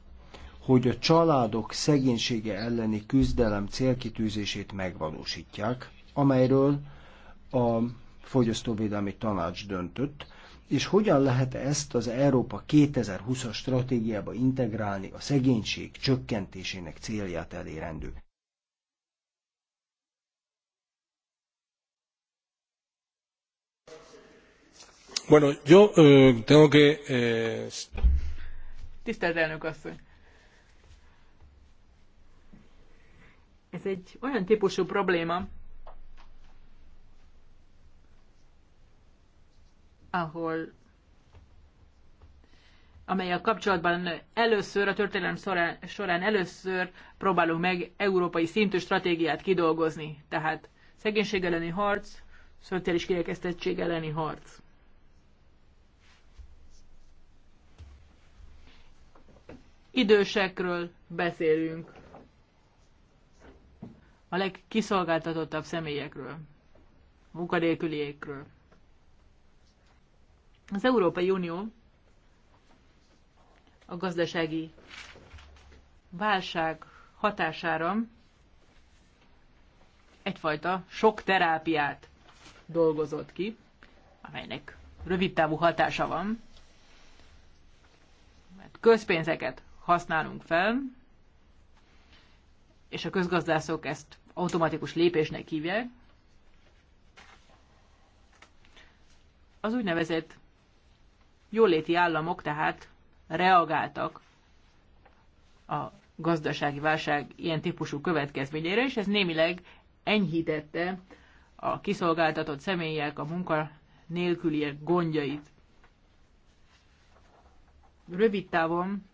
hogy a családok szegénysége elleni küzdelem célkitűzését megvalósítják, amelyről a fogyasztóvédelmi tanács döntött, és hogyan lehet ezt az Európa 2020-as stratégiába integrálni a szegénység csökkentésének célját elérendő. Bueno, yo eh, tengo que... Eh... Tisztelt elnök asszony! Ez egy olyan típusú probléma, ahol amely a kapcsolatban először, a történelem során, során először próbálunk meg európai szintű stratégiát kidolgozni. Tehát szegénység elleni harc, szociális kirekesztettség elleni harc. Idősekről beszélünk, a legkiszolgáltatottabb személyekről, munkanélküliekről. Az Európai Unió a gazdasági válság hatására egyfajta sok terápiát dolgozott ki, amelynek rövidtávú hatása van. Mert közpénzeket használunk fel, és a közgazdászok ezt automatikus lépésnek hívják. Az úgynevezett jóléti államok tehát reagáltak a gazdasági válság ilyen típusú következményeire, és ez némileg enyhítette a kiszolgáltatott személyek, a munka nélküliek gondjait. Rövid távon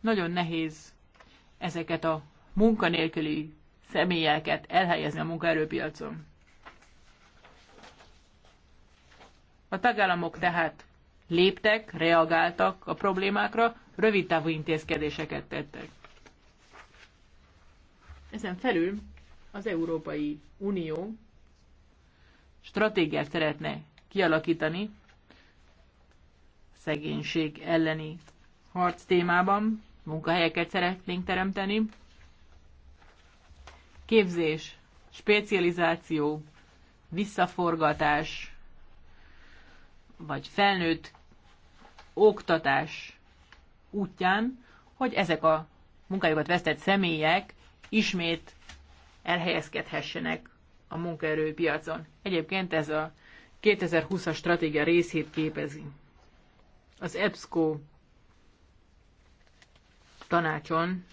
nagyon nehéz ezeket a munkanélküli személyeket elhelyezni a munkaerőpiacon. A tagállamok tehát léptek, reagáltak a problémákra, rövid távú intézkedéseket tettek. Ezen felül az Európai Unió stratégiát szeretne kialakítani szegénység elleni harc témában, munkahelyeket szeretnénk teremteni, képzés, specializáció, visszaforgatás, vagy felnőtt oktatás útján, hogy ezek a munkájukat vesztett személyek ismét elhelyezkedhessenek a munkaerőpiacon. Egyébként ez a 2020-as stratégia részét képezi. Az EBSCO tanácson,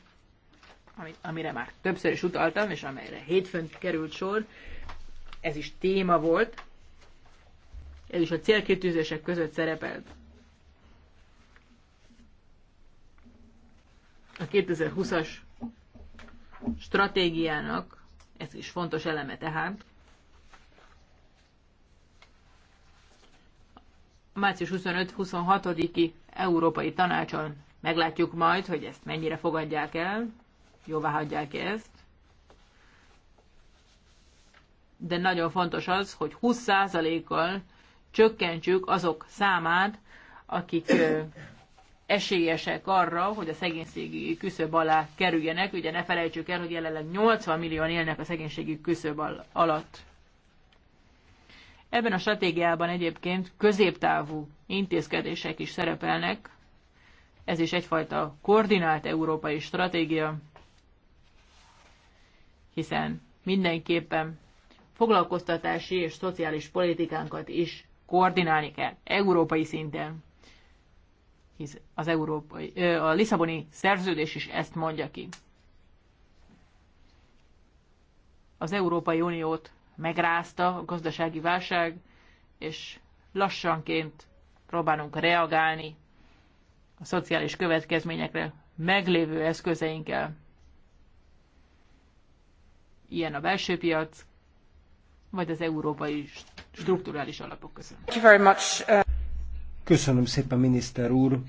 amire már többször is utaltam, és amelyre hétfőn került sor, ez is téma volt, ez is a célkitűzések között szerepelt. A 2020-as stratégiának ez is fontos eleme tehát. A március 25-26-i Európai Tanácson meglátjuk majd, hogy ezt mennyire fogadják el, jóvá hagyják -e ezt. De nagyon fontos az, hogy 20%-kal csökkentsük azok számát, akik esélyesek arra, hogy a szegénységi küszöb alá kerüljenek. Ugye ne felejtsük el, hogy jelenleg 80 millióan élnek a szegénységi küszöb alatt. Ebben a stratégiában egyébként középtávú intézkedések is szerepelnek. Ez is egyfajta koordinált európai stratégia, hiszen mindenképpen foglalkoztatási és szociális politikánkat is koordinálni kell európai szinten. Hisz az európai, a Lisszaboni szerződés is ezt mondja ki. Az Európai Uniót megrázta a gazdasági válság, és lassanként próbálunk reagálni a szociális következményekre meglévő eszközeinkkel. Ilyen a belső piac, vagy az európai strukturális alapok között. Uh, Köszönöm szépen, miniszter úr!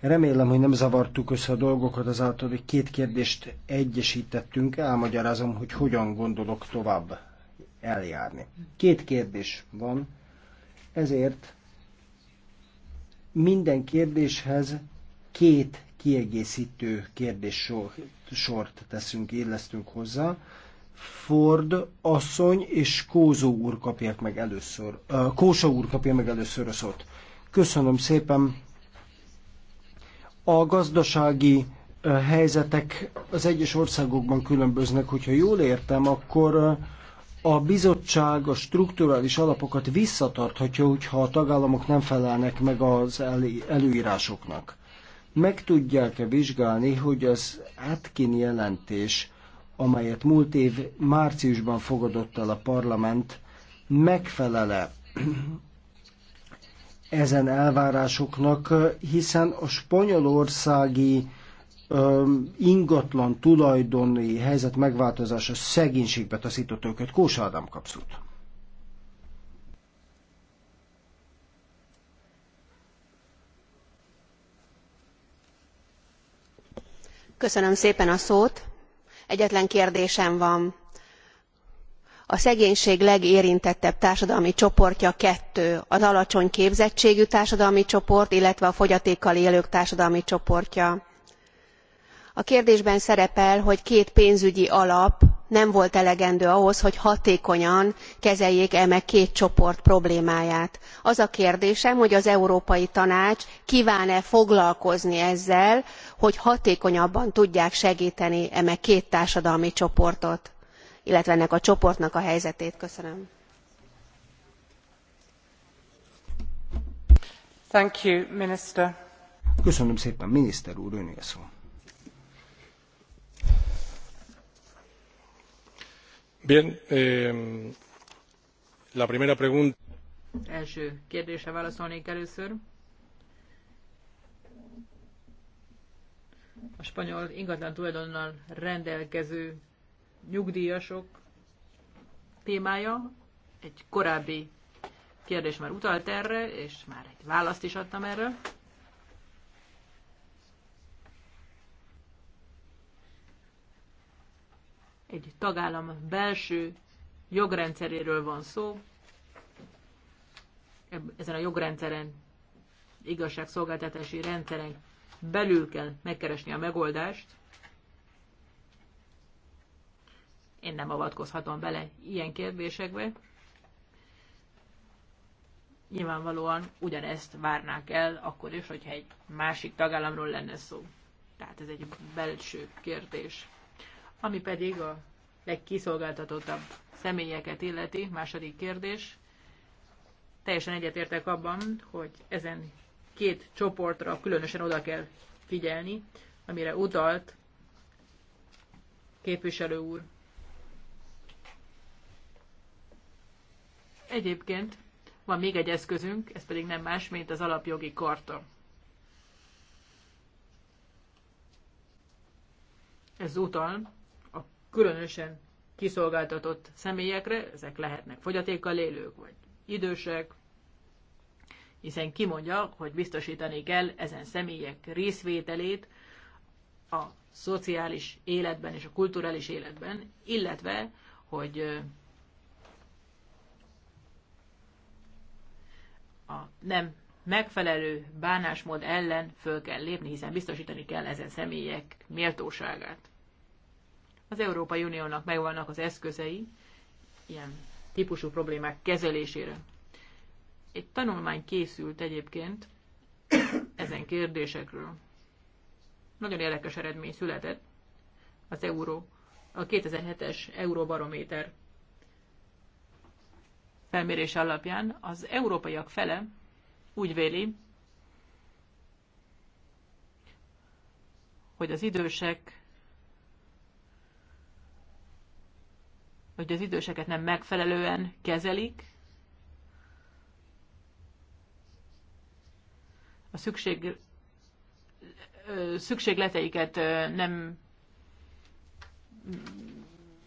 Remélem, hogy nem zavartuk össze a dolgokat, azáltal, hogy két kérdést egyesítettünk. Elmagyarázom, hogy hogyan gondolok tovább eljárni. Két kérdés van, ezért minden kérdéshez két kiegészítő kérdéssort teszünk, illesztünk hozzá. Ford asszony és Kózó úr kapják meg először. Kósa úr kapja meg először a szót. Köszönöm szépen. A gazdasági helyzetek az egyes országokban különböznek. Hogyha jól értem, akkor a bizottság a strukturális alapokat visszatarthatja, hogyha a tagállamok nem felelnek meg az előírásoknak. Meg tudják-e vizsgálni, hogy az átkin jelentés amelyet múlt év márciusban fogadott el a parlament, megfelele ezen elvárásoknak, hiszen a spanyolországi ingatlan tulajdoni helyzet megváltozása szegénységbe taszított őket. Kósa Ádám kapszult. Köszönöm szépen a szót egyetlen kérdésem van a szegénység legérintettebb társadalmi csoportja kettő az alacsony képzettségű társadalmi csoport illetve a fogyatékkal élők társadalmi csoportja. a kérdésben szerepel hogy két pénzügyi alap nem volt elegendő ahhoz hogy hatékonyan kezeljék eme két csoport problémáját. az a kérdésem hogy az európai tanács kván e foglalkozni ezzel hogy hatékonyabban tudják segteni eme két társadalmi csoportot illetve ennek a csoportnak a helyzetét. köszönöm. Köszönöm szépen, miniszter úr, öné szó. Első kérdésre válaszolnék először. A spanyol ingatlan tulajdonnal rendelkező nyugdíjasok témája egy korábbi kérdés már utalt erre, és már egy választ is adtam erre. egy tagállam belső jogrendszeréről van szó. Ezen a jogrendszeren, igazságszolgáltatási rendszeren belül kell megkeresni a megoldást. Én nem avatkozhatom bele ilyen kérdésekbe. Nyilvánvalóan ugyanezt várnák el akkor is, hogyha egy másik tagállamról lenne szó. Tehát ez egy belső kérdés. Ami pedig a legkiszolgáltatottabb személyeket illeti, második kérdés. Teljesen egyetértek abban, hogy ezen két csoportra különösen oda kell figyelni, amire utalt képviselő úr. Egyébként van még egy eszközünk, ez pedig nem más, mint az alapjogi karta. Ez utal különösen kiszolgáltatott személyekre, ezek lehetnek fogyatékkal élők, vagy idősek, hiszen kimondja, hogy biztosítani kell ezen személyek részvételét a szociális életben és a kulturális életben, illetve, hogy a nem megfelelő bánásmód ellen föl kell lépni, hiszen biztosítani kell ezen személyek méltóságát. Az Európai Uniónak megvannak az eszközei ilyen típusú problémák kezelésére. Egy tanulmány készült egyébként ezen kérdésekről. Nagyon érdekes eredmény született az euró, a 2007-es euróbarométer felmérés alapján az európaiak fele úgy véli, hogy az idősek hogy az időseket nem megfelelően kezelik, a szükség, szükségleteiket nem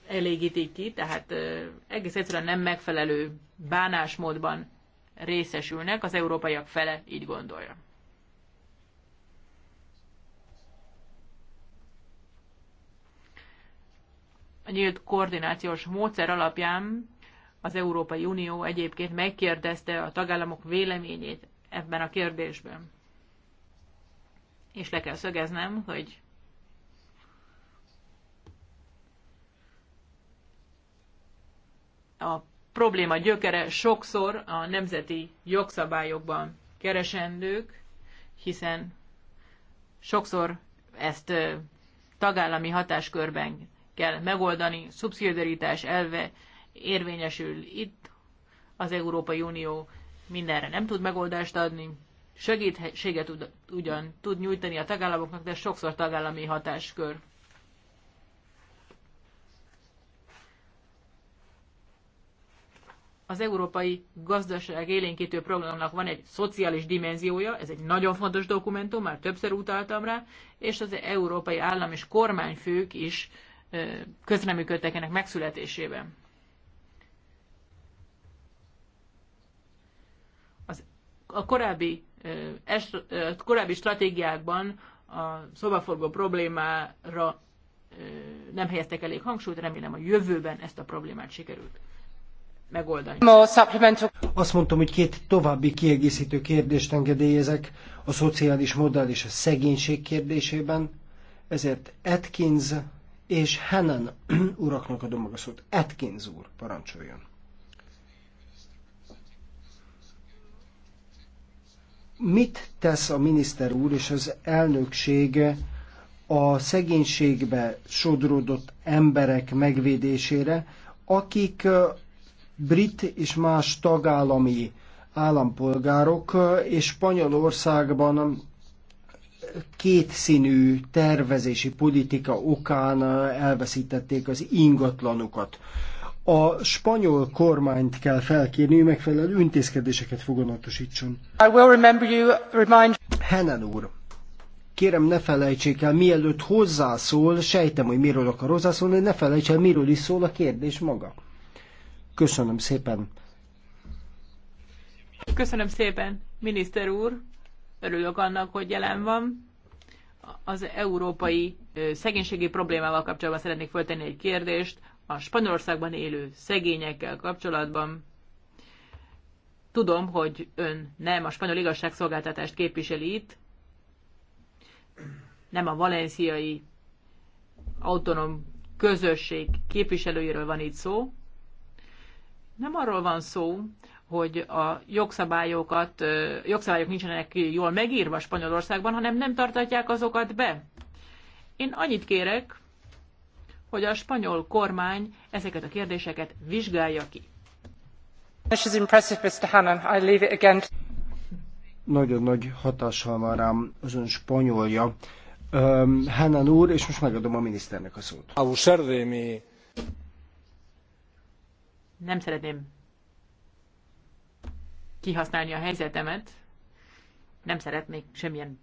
elégítik ki, tehát egész egyszerűen nem megfelelő bánásmódban részesülnek, az európaiak fele így gondolja. a nyílt koordinációs módszer alapján az Európai Unió egyébként megkérdezte a tagállamok véleményét ebben a kérdésben. És le kell szögeznem, hogy a probléma gyökere sokszor a nemzeti jogszabályokban keresendők, hiszen sokszor ezt tagállami hatáskörben kell megoldani, szubszidiaritás elve érvényesül itt, az Európai Unió mindenre nem tud megoldást adni, segítséget ugyan tud nyújtani a tagállamoknak, de sokszor tagállami hatáskör. az Európai Gazdaság Élénkítő Programnak van egy szociális dimenziója, ez egy nagyon fontos dokumentum, már többször utaltam rá, és az európai állam és kormányfők is közreműködtek ennek megszületésében. Az, a korábbi, es, a korábbi stratégiákban a szobaforgó problémára nem helyeztek elég hangsúlyt, remélem a jövőben ezt a problémát sikerült megoldani. Azt mondtam, hogy két további kiegészítő kérdést engedélyezek a szociális modell és a szegénység kérdésében, ezért Atkins és Hennen uraknak adom maga a szót. Atkins úr, parancsoljon. Mit tesz a miniszter úr és az elnöksége a szegénységbe sodródott emberek megvédésére, akik brit és más tagállami állampolgárok, és Spanyolországban kétszínű tervezési politika okán elveszítették az ingatlanukat. A spanyol kormányt kell felkérni, hogy megfelelő intézkedéseket foganatosítson. I will remember you, remind... úr, kérem ne felejtsék el, mielőtt hozzászól, sejtem, hogy miről akar hozzászólni, ne felejts el, miről is szól a kérdés maga. Köszönöm szépen. Köszönöm szépen, miniszter úr. Örülök annak, hogy jelen van az európai szegénységi problémával kapcsolatban szeretnék föltenni egy kérdést. A Spanyolországban élő szegényekkel kapcsolatban tudom, hogy ön nem a spanyol igazságszolgáltatást képviseli itt, nem a valenciai autonóm közösség képviselőjéről van itt szó, nem arról van szó, hogy a jogszabályokat, jogszabályok nincsenek jól megírva Spanyolországban, hanem nem tartatják azokat be. Én annyit kérek, hogy a spanyol kormány ezeket a kérdéseket vizsgálja ki. Nagyon nagy hatással van rám az ön spanyolja. Um, Hannan úr, és most megadom a miniszternek a szót. Nem szeretném kihasználni a helyzetemet. Nem szeretnék semmilyen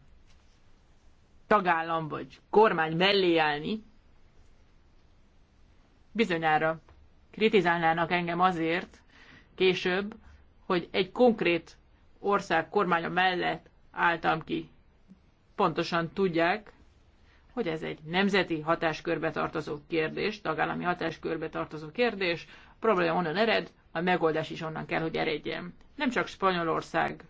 tagállam vagy kormány mellé állni. Bizonyára kritizálnának engem azért később, hogy egy konkrét ország kormánya mellett álltam ki. Pontosan tudják, hogy ez egy nemzeti hatáskörbe tartozó kérdés, tagállami hatáskörbe tartozó kérdés, a probléma onnan ered, a megoldás is onnan kell, hogy eredjen. Nem csak Spanyolország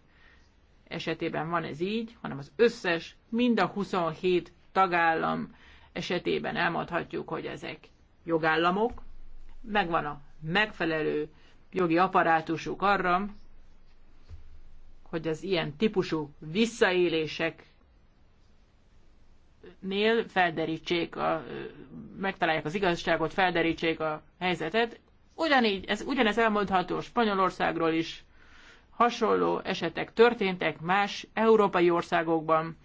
esetében van ez így, hanem az összes, mind a 27 tagállam esetében elmondhatjuk, hogy ezek jogállamok, megvan a megfelelő jogi apparátusuk arra, hogy az ilyen típusú nél felderítsék, a, megtalálják az igazságot, felderítsék a helyzetet, Ugyanígy, ez, ugyanez elmondható Spanyolországról is. Hasonló esetek történtek más európai országokban,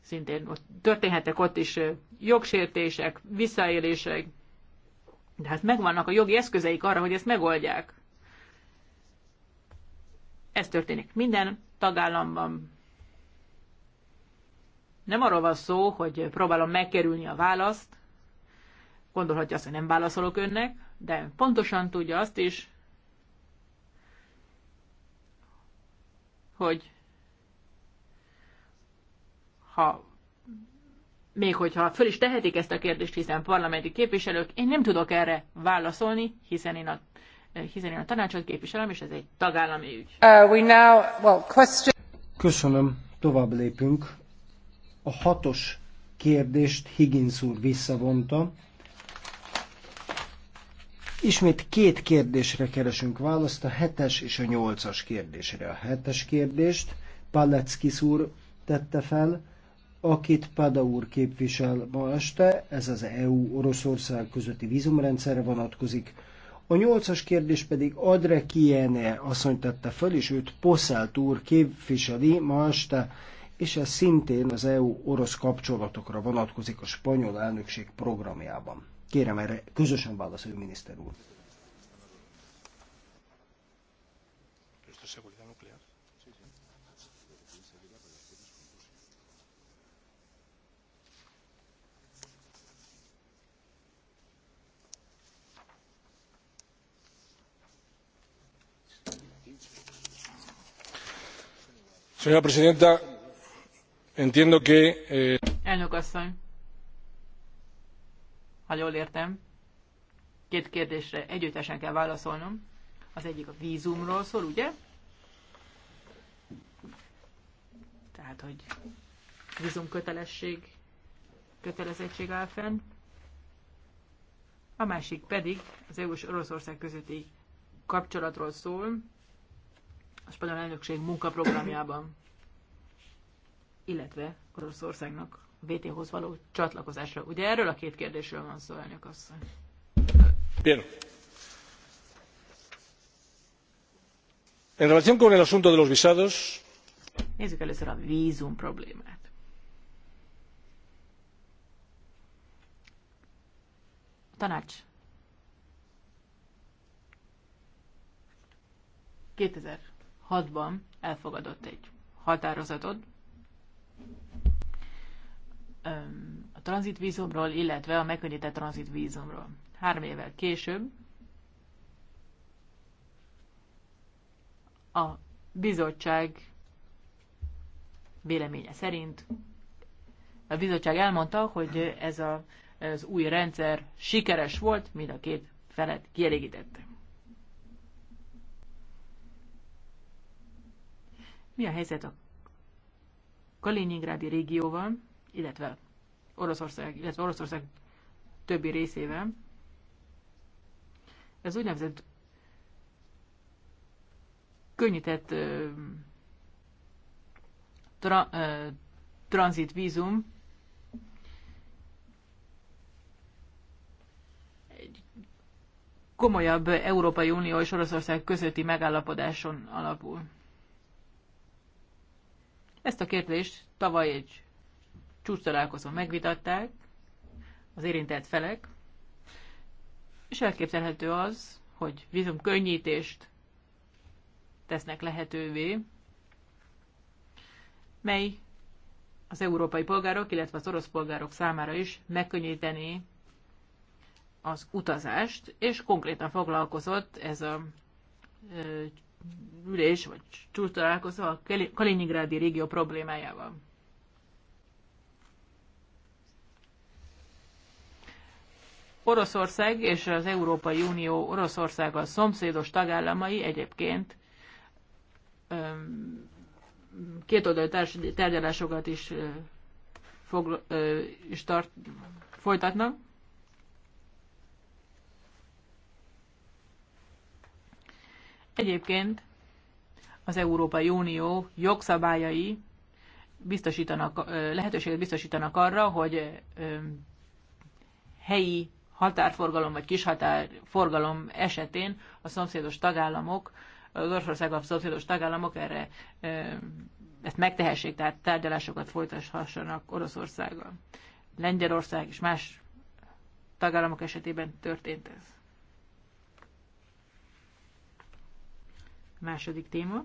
szintén ott, történhetek ott is jogsértések, visszaélések, de hát megvannak a jogi eszközeik arra, hogy ezt megoldják. Ez történik minden tagállamban. Nem arról van szó, hogy próbálom megkerülni a választ, gondolhatja azt, hogy nem válaszolok önnek, de pontosan tudja azt is, hogy ha még hogyha föl is tehetik ezt a kérdést, hiszen parlamenti képviselők, én nem tudok erre válaszolni, hiszen én a, hiszen én a tanácsot képviselem, és ez egy tagállami ügy. Uh, we now, well, question... Köszönöm, tovább lépünk. A hatos kérdést Higgins úr visszavonta, Ismét két kérdésre keresünk választ, a hetes és a nyolcas kérdésre. A hetes kérdést Paleckis úr tette fel, akit Pada úr képvisel ma este, ez az EU-Oroszország közötti vízumrendszerre vonatkozik. A nyolcas kérdés pedig Adre Kiene asszony tette fel és őt Poszelt úr képviseli ma este, és ez szintén az EU-orosz kapcsolatokra vonatkozik a spanyol elnökség programjában. Kérem erre közösen válaszoljon, miniszter úr. Señora presidenta, entiendo que. Eh... Elnök asszony, ha jól értem, két kérdésre együttesen kell válaszolnom. Az egyik a vízumról szól, ugye? Tehát, hogy vízum kötelesség, kötelezettség áll fenn. A másik pedig az EU és Oroszország közötti kapcsolatról szól, a spanyol elnökség munkaprogramjában illetve Oroszországnak VT-hoz való csatlakozásra. Ugye erről a két kérdésről van szó, elnök asszony. Bien. En relación con el asunto de los visados... Nézzük először a vízum problémát. Tanács. 2006-ban elfogadott egy határozatot, a tranzitvízumról, illetve a megkönnyített tranzitvízumról. Három évvel később a bizottság véleménye szerint a bizottság elmondta, hogy ez a, az új rendszer sikeres volt, mind a két felet kielégítette. Mi a helyzet a Kaliningrádi régióval? illetve Oroszország, illetve Oroszország többi részével. Ez úgynevezett könnyített ö, tra, ö, vízum. egy komolyabb Európai Unió és Oroszország közötti megállapodáson alapul. Ezt a kérdést tavaly egy csúcs megvitatták az érintett felek, és elképzelhető az, hogy vízum könnyítést tesznek lehetővé, mely az európai polgárok, illetve az orosz polgárok számára is megkönnyíteni az utazást, és konkrétan foglalkozott ez a ülés, vagy csúcs találkozó a Kaliningrádi régió problémájával. Oroszország és az Európai Unió a szomszédos tagállamai egyébként kétoldalú tárgyalásokat is, fog, is tart, folytatnak. Egyébként az Európai Unió jogszabályai biztosítanak, lehetőséget biztosítanak arra, hogy helyi határforgalom vagy kis határforgalom esetén a szomszédos tagállamok, az a szomszédos tagállamok erre ezt megtehessék, tehát tárgyalásokat folytathassanak Oroszországgal. Lengyelország és más tagállamok esetében történt ez. Második téma.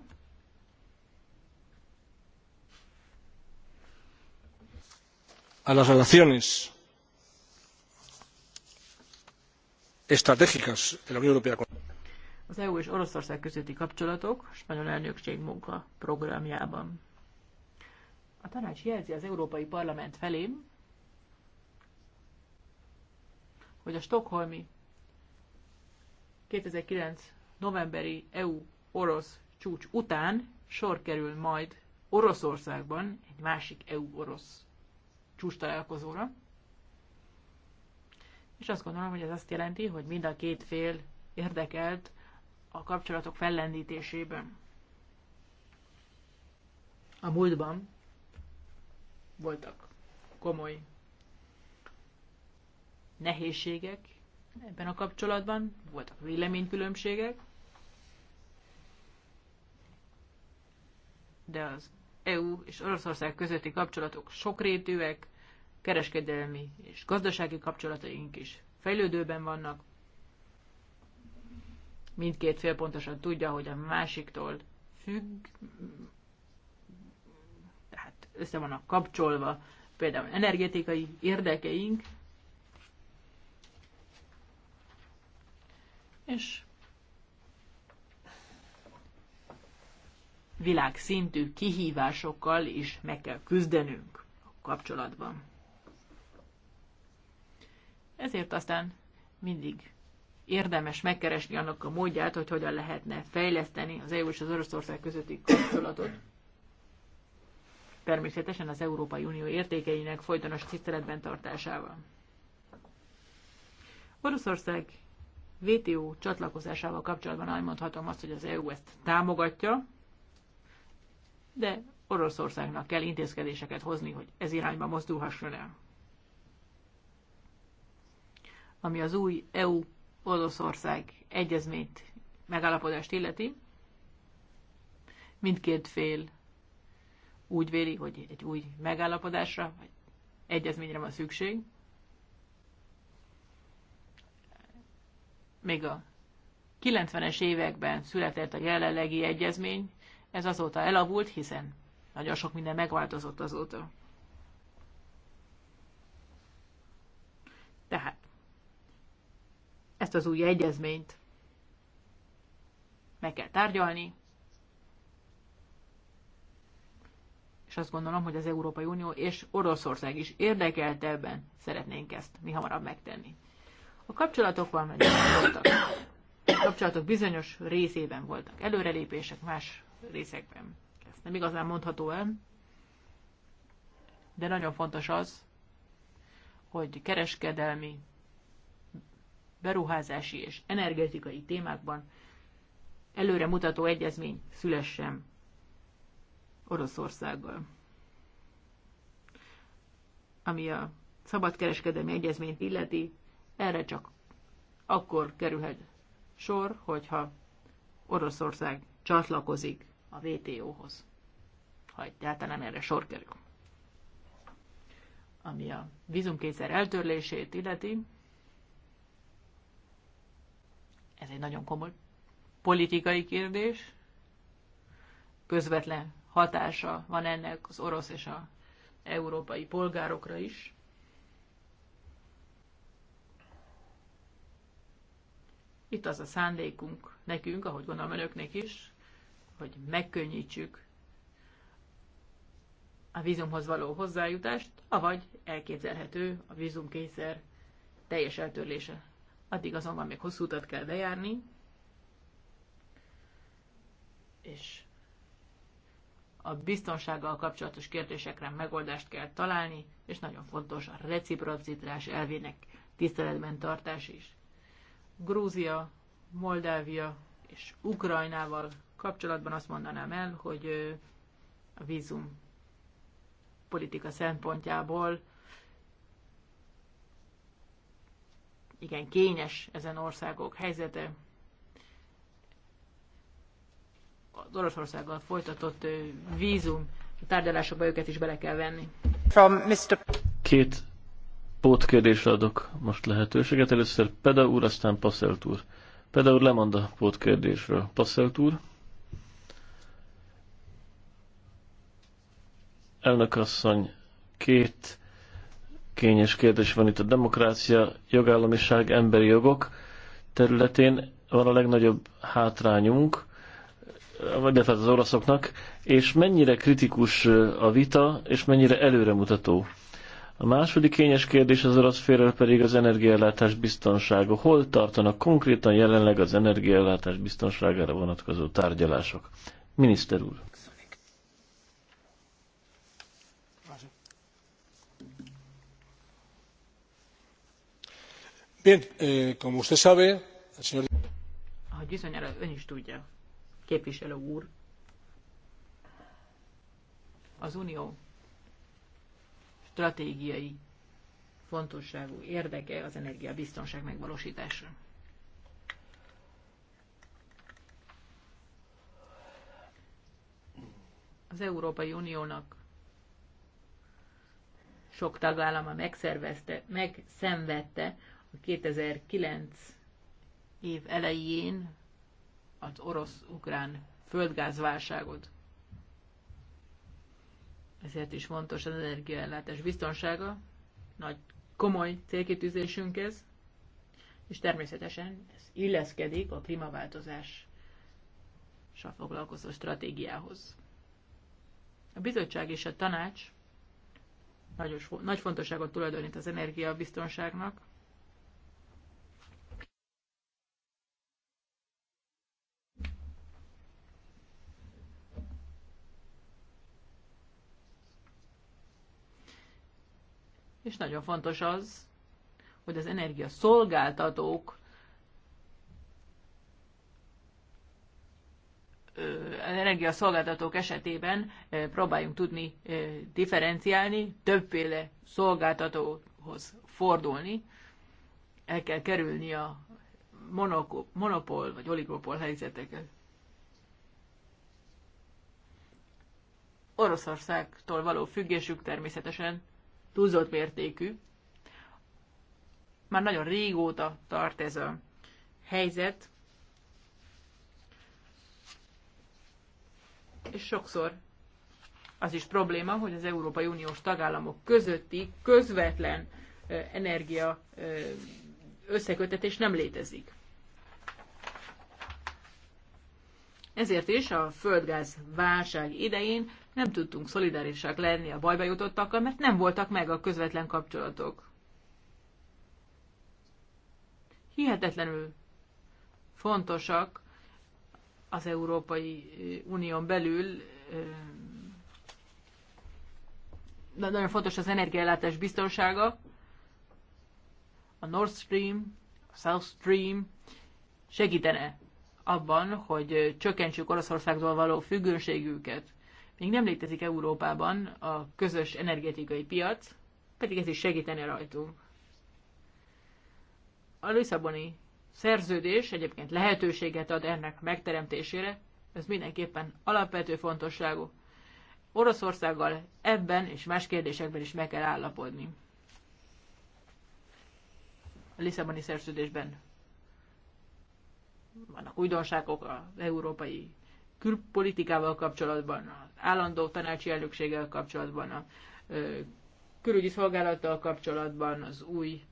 A las relaciones estratégicas de la Unión Europea. Az EU és Oroszország közötti kapcsolatok a spanyol elnökség munka programjában. A tanács jelzi az Európai Parlament felé, hogy a stokholmi 2009 novemberi EU-orosz csúcs után sor kerül majd Oroszországban egy másik EU-orosz csúcs találkozóra és azt gondolom, hogy ez azt jelenti, hogy mind a két fél érdekelt a kapcsolatok fellendítésében. A múltban voltak komoly nehézségek ebben a kapcsolatban, voltak véleménykülönbségek, de az EU és Oroszország közötti kapcsolatok sokrétűek, kereskedelmi és gazdasági kapcsolataink is fejlődőben vannak. Mindkét fél pontosan tudja, hogy a másiktól függ, tehát össze vannak kapcsolva például energetikai érdekeink, és világszintű kihívásokkal is meg kell küzdenünk a kapcsolatban. Ezért aztán mindig érdemes megkeresni annak a módját, hogy hogyan lehetne fejleszteni az EU és az Oroszország közötti kapcsolatot. Természetesen az Európai Unió értékeinek folytonos tiszteletben tartásával. Oroszország WTO csatlakozásával kapcsolatban elmondhatom azt, hogy az EU ezt támogatja, de Oroszországnak kell intézkedéseket hozni, hogy ez irányba mozdulhasson el ami az új EU-Oroszország egyezményt, megállapodást illeti. Mindkét fél úgy véli, hogy egy új megállapodásra, vagy egyezményre van szükség. Még a 90-es években született a jelenlegi egyezmény, ez azóta elavult, hiszen nagyon sok minden megváltozott azóta. Tehát ezt az új egyezményt meg kell tárgyalni, és azt gondolom, hogy az Európai Unió és Oroszország is érdekelt ebben, szeretnénk ezt mi hamarabb megtenni. A kapcsolatok voltak. A kapcsolatok bizonyos részében voltak előrelépések, más részekben. Ezt nem igazán mondható el, de nagyon fontos az, hogy kereskedelmi beruházási és energetikai témákban előremutató egyezmény szülessen Oroszországgal. Ami a szabadkereskedelmi egyezményt illeti, erre csak akkor kerülhet sor, hogyha Oroszország csatlakozik a WTO-hoz, ha egyáltalán erre sor kerül. Ami a vízumkényszer eltörlését illeti, ez egy nagyon komoly politikai kérdés. Közvetlen hatása van ennek az orosz és az európai polgárokra is. Itt az a szándékunk nekünk, ahogy gondolom önöknek is, hogy megkönnyítsük a vízumhoz való hozzájutást, avagy elképzelhető a vízumkényszer teljes eltörlése. Addig azonban még hosszú utat kell bejárni, és a biztonsággal kapcsolatos kérdésekre megoldást kell találni, és nagyon fontos a reciprocitás elvének tiszteletben tartás is. Grúzia, Moldávia és Ukrajnával kapcsolatban azt mondanám el, hogy a vízum politika szempontjából igen kényes ezen országok helyzete. Az Oroszországgal folytatott vízum tárgyalásokba őket is bele kell venni. From Mr. Két pótkérdésre adok most lehetőséget. Először Peda úr, aztán Passzelt úr. Peda úr lemond a pótkérdésről. Passzelt úr. Elnök asszony, két kényes kérdés van itt a demokrácia, jogállamiság, emberi jogok területén van a legnagyobb hátrányunk, vagy tehát az oroszoknak, és mennyire kritikus a vita, és mennyire előremutató. A második kényes kérdés az orosz félről pedig az energiaellátás biztonsága. Hol tartanak konkrétan jelenleg az energiaellátás biztonságára vonatkozó tárgyalások? Miniszter úr. Eh, bizonyára ön is tudja, képviselő úr, az unió stratégiai fontosságú érdeke az energiabiztonság megvalósítása. Az Európai Uniónak sok tagállama megszervezte, megszenvedte 2009 év elején az orosz-ukrán földgázválságot. Ezért is fontos az energiaellátás biztonsága. Nagy komoly célkitűzésünk ez, és természetesen ez illeszkedik a klímaváltozás és a foglalkozó stratégiához. A bizottság és a tanács nagy fontosságot tulajdonít az energiabiztonságnak, és nagyon fontos az, hogy az energia szolgáltatók energiaszolgáltatók esetében próbáljunk tudni differenciálni, többféle szolgáltatóhoz fordulni, el kell kerülni a monopól vagy oligopol helyzeteket. Oroszországtól való függésük természetesen túlzott mértékű. Már nagyon régóta tart ez a helyzet, és sokszor az is probléma, hogy az Európai Uniós tagállamok közötti közvetlen energia összekötetés nem létezik. Ezért is a földgáz válság idején nem tudtunk szolidárisak lenni a bajba jutottakkal, mert nem voltak meg a közvetlen kapcsolatok. Hihetetlenül fontosak az Európai Unión belül de nagyon fontos az energiállátás biztonsága, a Nord Stream, a South Stream segítene abban, hogy csökkentsük Oroszországtól való függőségüket. Még nem létezik Európában a közös energetikai piac, pedig ez is segítene rajtunk. A Lisszaboni szerződés egyébként lehetőséget ad ennek megteremtésére, ez mindenképpen alapvető fontosságú. Oroszországgal ebben és más kérdésekben is meg kell állapodni. A Lisszaboni szerződésben vannak újdonságok az európai külpolitikával kapcsolatban, az állandó tanácsi elnökséggel kapcsolatban, a külügyi szolgálattal kapcsolatban, az új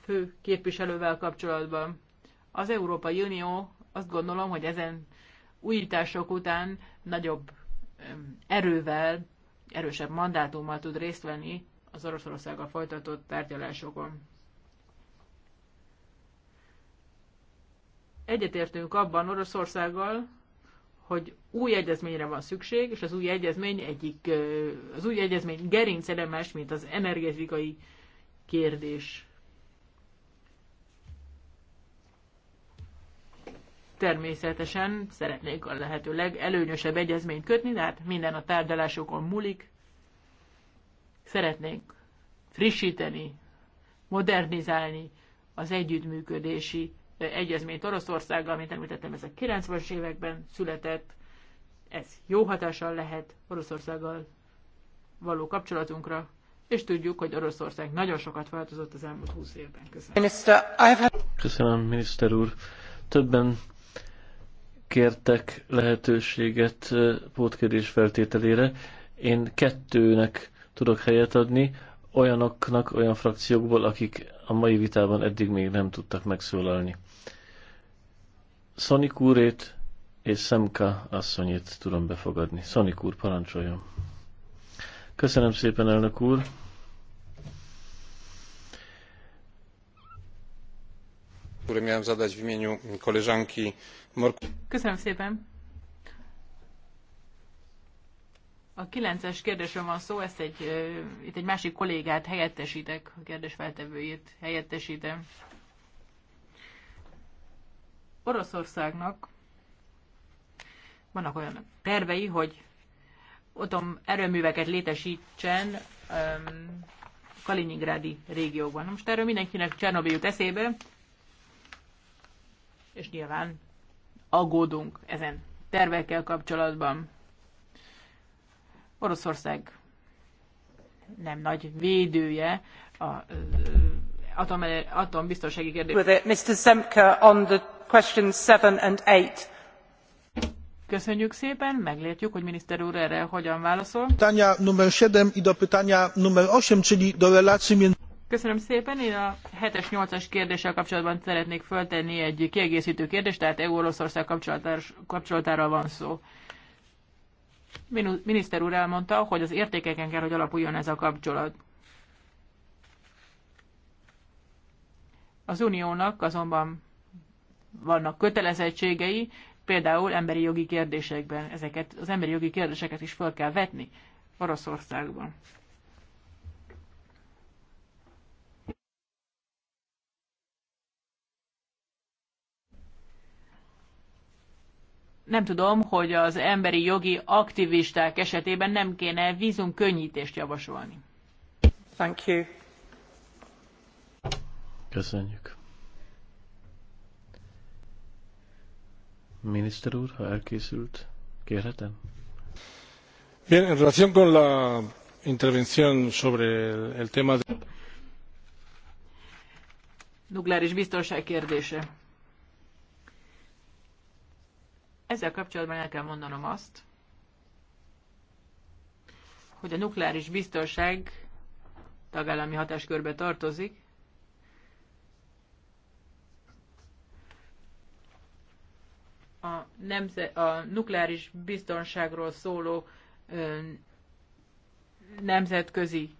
fő képviselővel kapcsolatban. Az Európai Unió azt gondolom, hogy ezen újítások után nagyobb erővel, erősebb mandátummal tud részt venni az Oroszországgal folytatott tárgyalásokon. egyetértünk abban Oroszországgal, hogy új egyezményre van szükség, és az új egyezmény egyik, az új egyezmény gerincele más, mint az energetikai kérdés. Természetesen szeretnék a lehető legelőnyösebb egyezményt kötni, de hát minden a tárgyalásokon múlik. Szeretnénk frissíteni, modernizálni az együttműködési egyezményt Oroszországgal, mint említettem, ez a 90-es években született, ez jó hatással lehet Oroszországgal való kapcsolatunkra, és tudjuk, hogy Oroszország nagyon sokat változott az elmúlt 20 évben. Köszönöm. Köszönöm, miniszter úr. Többen kértek lehetőséget pótkérdés feltételére. Én kettőnek tudok helyet adni, olyanoknak, olyan frakciókból, akik a mai vitában eddig még nem tudtak megszólalni. Szonik úrét és Szemka asszonyét tudom befogadni. Szonik úr, parancsoljon. Köszönöm szépen, elnök úr. Köszönöm szépen. A kilences kérdésről van szó, ezt egy, itt egy másik kollégát helyettesítek, a kérdés feltevőjét helyettesítem. Oroszországnak vannak olyan tervei, hogy otom erőműveket létesítsen um, Kaliningrádi régióban. Most erről mindenkinek Csernobil jut eszébe, és nyilván aggódunk ezen tervekkel kapcsolatban. Oroszország nem nagy védője a atombiztonsági kérdés. Mr. Semke on the questions seven and eight. Köszönjük szépen, meglátjuk, hogy miniszter úr erre hogyan válaszol. Pytania numer 7 i do pytania numer 8, czyli do relacji między... Köszönöm szépen, én a 7-es, 8-as kérdéssel kapcsolatban szeretnék föltenni egy kiegészítő kérdést, tehát EU-Oroszország kapcsolatáról van szó. Miniszter úr elmondta, hogy az értékeken kell, hogy alapuljon ez a kapcsolat. Az uniónak azonban vannak kötelezettségei, például emberi jogi kérdésekben. Ezeket az emberi jogi kérdéseket is fel kell vetni Oroszországban. nem tudom, hogy az emberi jogi aktivisták esetében nem kéne vízum könnyítést javasolni. Thank you. Köszönjük. Miniszter úr, ha elkészült, kérhetem? Bien, en relación con la intervención sobre el tema de... Nukleáris biztonság kérdése. Ezzel kapcsolatban el kell mondanom azt, hogy a nukleáris biztonság tagállami hatáskörbe tartozik, a, nemze- a nukleáris biztonságról szóló ö, nemzetközi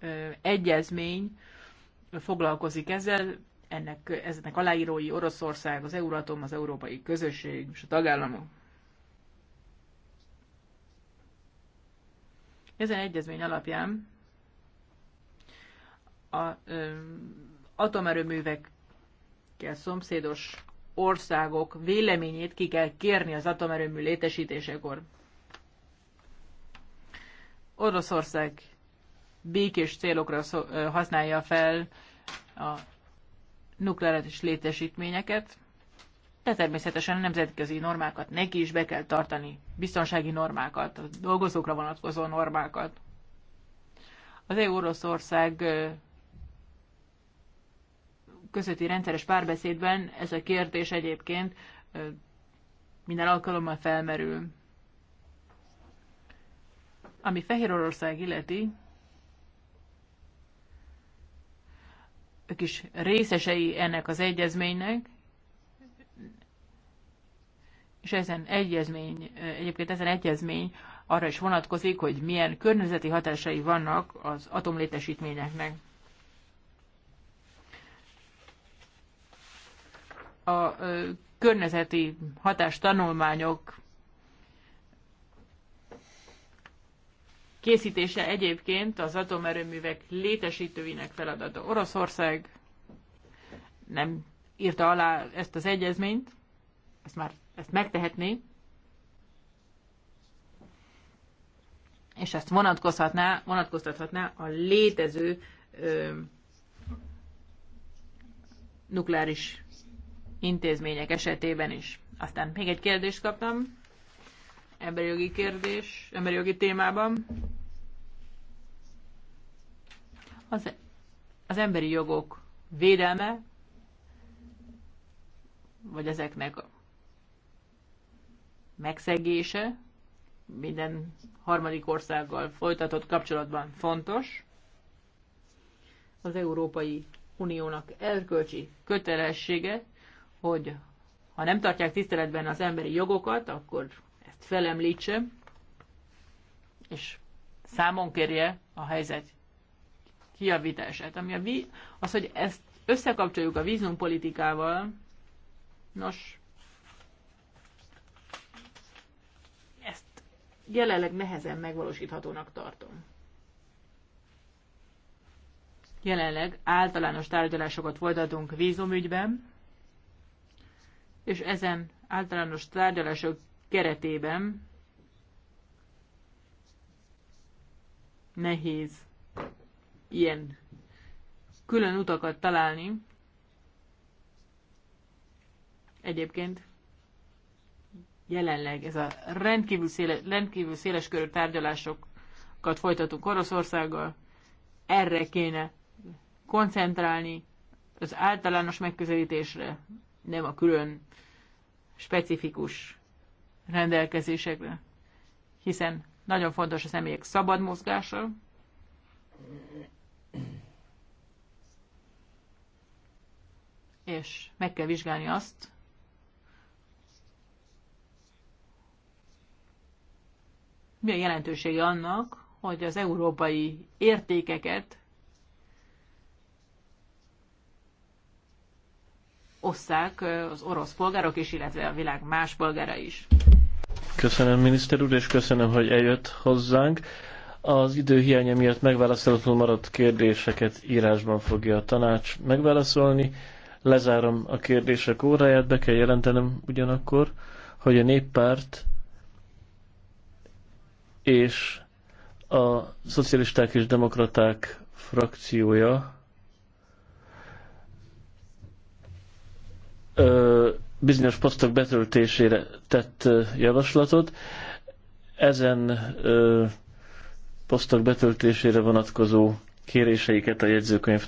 ö, egyezmény foglalkozik ezzel. Ennek, ezeknek aláírói Oroszország, az Euratom, az Európai Közösség és a tagállamok. Ezen egyezmény alapján a ö, atomerőművekkel szomszédos országok véleményét ki kell kérni az atomerőmű létesítésekor. Oroszország békés célokra használja fel a nukleáris létesítményeket, de természetesen a nemzetközi normákat neki is be kell tartani, biztonsági normákat, a dolgozókra vonatkozó normákat. Az EU Oroszország közötti rendszeres párbeszédben ez a kérdés egyébként minden alkalommal felmerül. Ami Fehér Oroszág illeti, ők is részesei ennek az egyezménynek, és ezen egyezmény, egyébként ezen egyezmény arra is vonatkozik, hogy milyen környezeti hatásai vannak az atomlétesítményeknek. a környezeti hatástanulmányok készítése egyébként az atomerőművek létesítőinek feladata. Oroszország nem írta alá ezt az egyezményt, ezt már ezt megtehetné, és ezt vonatkozhatná, vonatkoztathatná a létező ö, nukleáris intézmények esetében is. Aztán még egy kérdést kaptam, emberi jogi kérdés, emberi jogi témában. Az, az emberi jogok védelme, vagy ezeknek a megszegése minden harmadik országgal folytatott kapcsolatban fontos. Az Európai Uniónak erkölcsi kötelessége, hogy ha nem tartják tiszteletben az emberi jogokat, akkor ezt felemlítse, és számon kérje a helyzet kijavítását. Ami a ví, az, hogy ezt összekapcsoljuk a vízumpolitikával, nos, ezt jelenleg nehezen megvalósíthatónak tartom. Jelenleg általános tárgyalásokat folytatunk vízumügyben, és ezen általános tárgyalások keretében nehéz ilyen külön utakat találni. Egyébként jelenleg ez a rendkívül, széle, rendkívül széles körű tárgyalásokat folytatunk Oroszországgal. Erre kéne koncentrálni az általános megközelítésre, nem a külön specifikus rendelkezésekre, hiszen nagyon fontos a személyek szabad mozgása, és meg kell vizsgálni azt, mi a jelentősége annak, hogy az európai értékeket osszák az orosz polgárok is, illetve a világ más polgára is. Köszönöm, miniszter úr, és köszönöm, hogy eljött hozzánk. Az idő hiánya miatt megválaszolatlanul maradt kérdéseket írásban fogja a tanács megválaszolni. Lezárom a kérdések óráját, be kell jelentenem ugyanakkor, hogy a néppárt és a szocialisták és demokraták frakciója bizonyos posztok betöltésére tett javaslatot. Ezen posztok betöltésére vonatkozó kéréseiket a jegyzőkönyv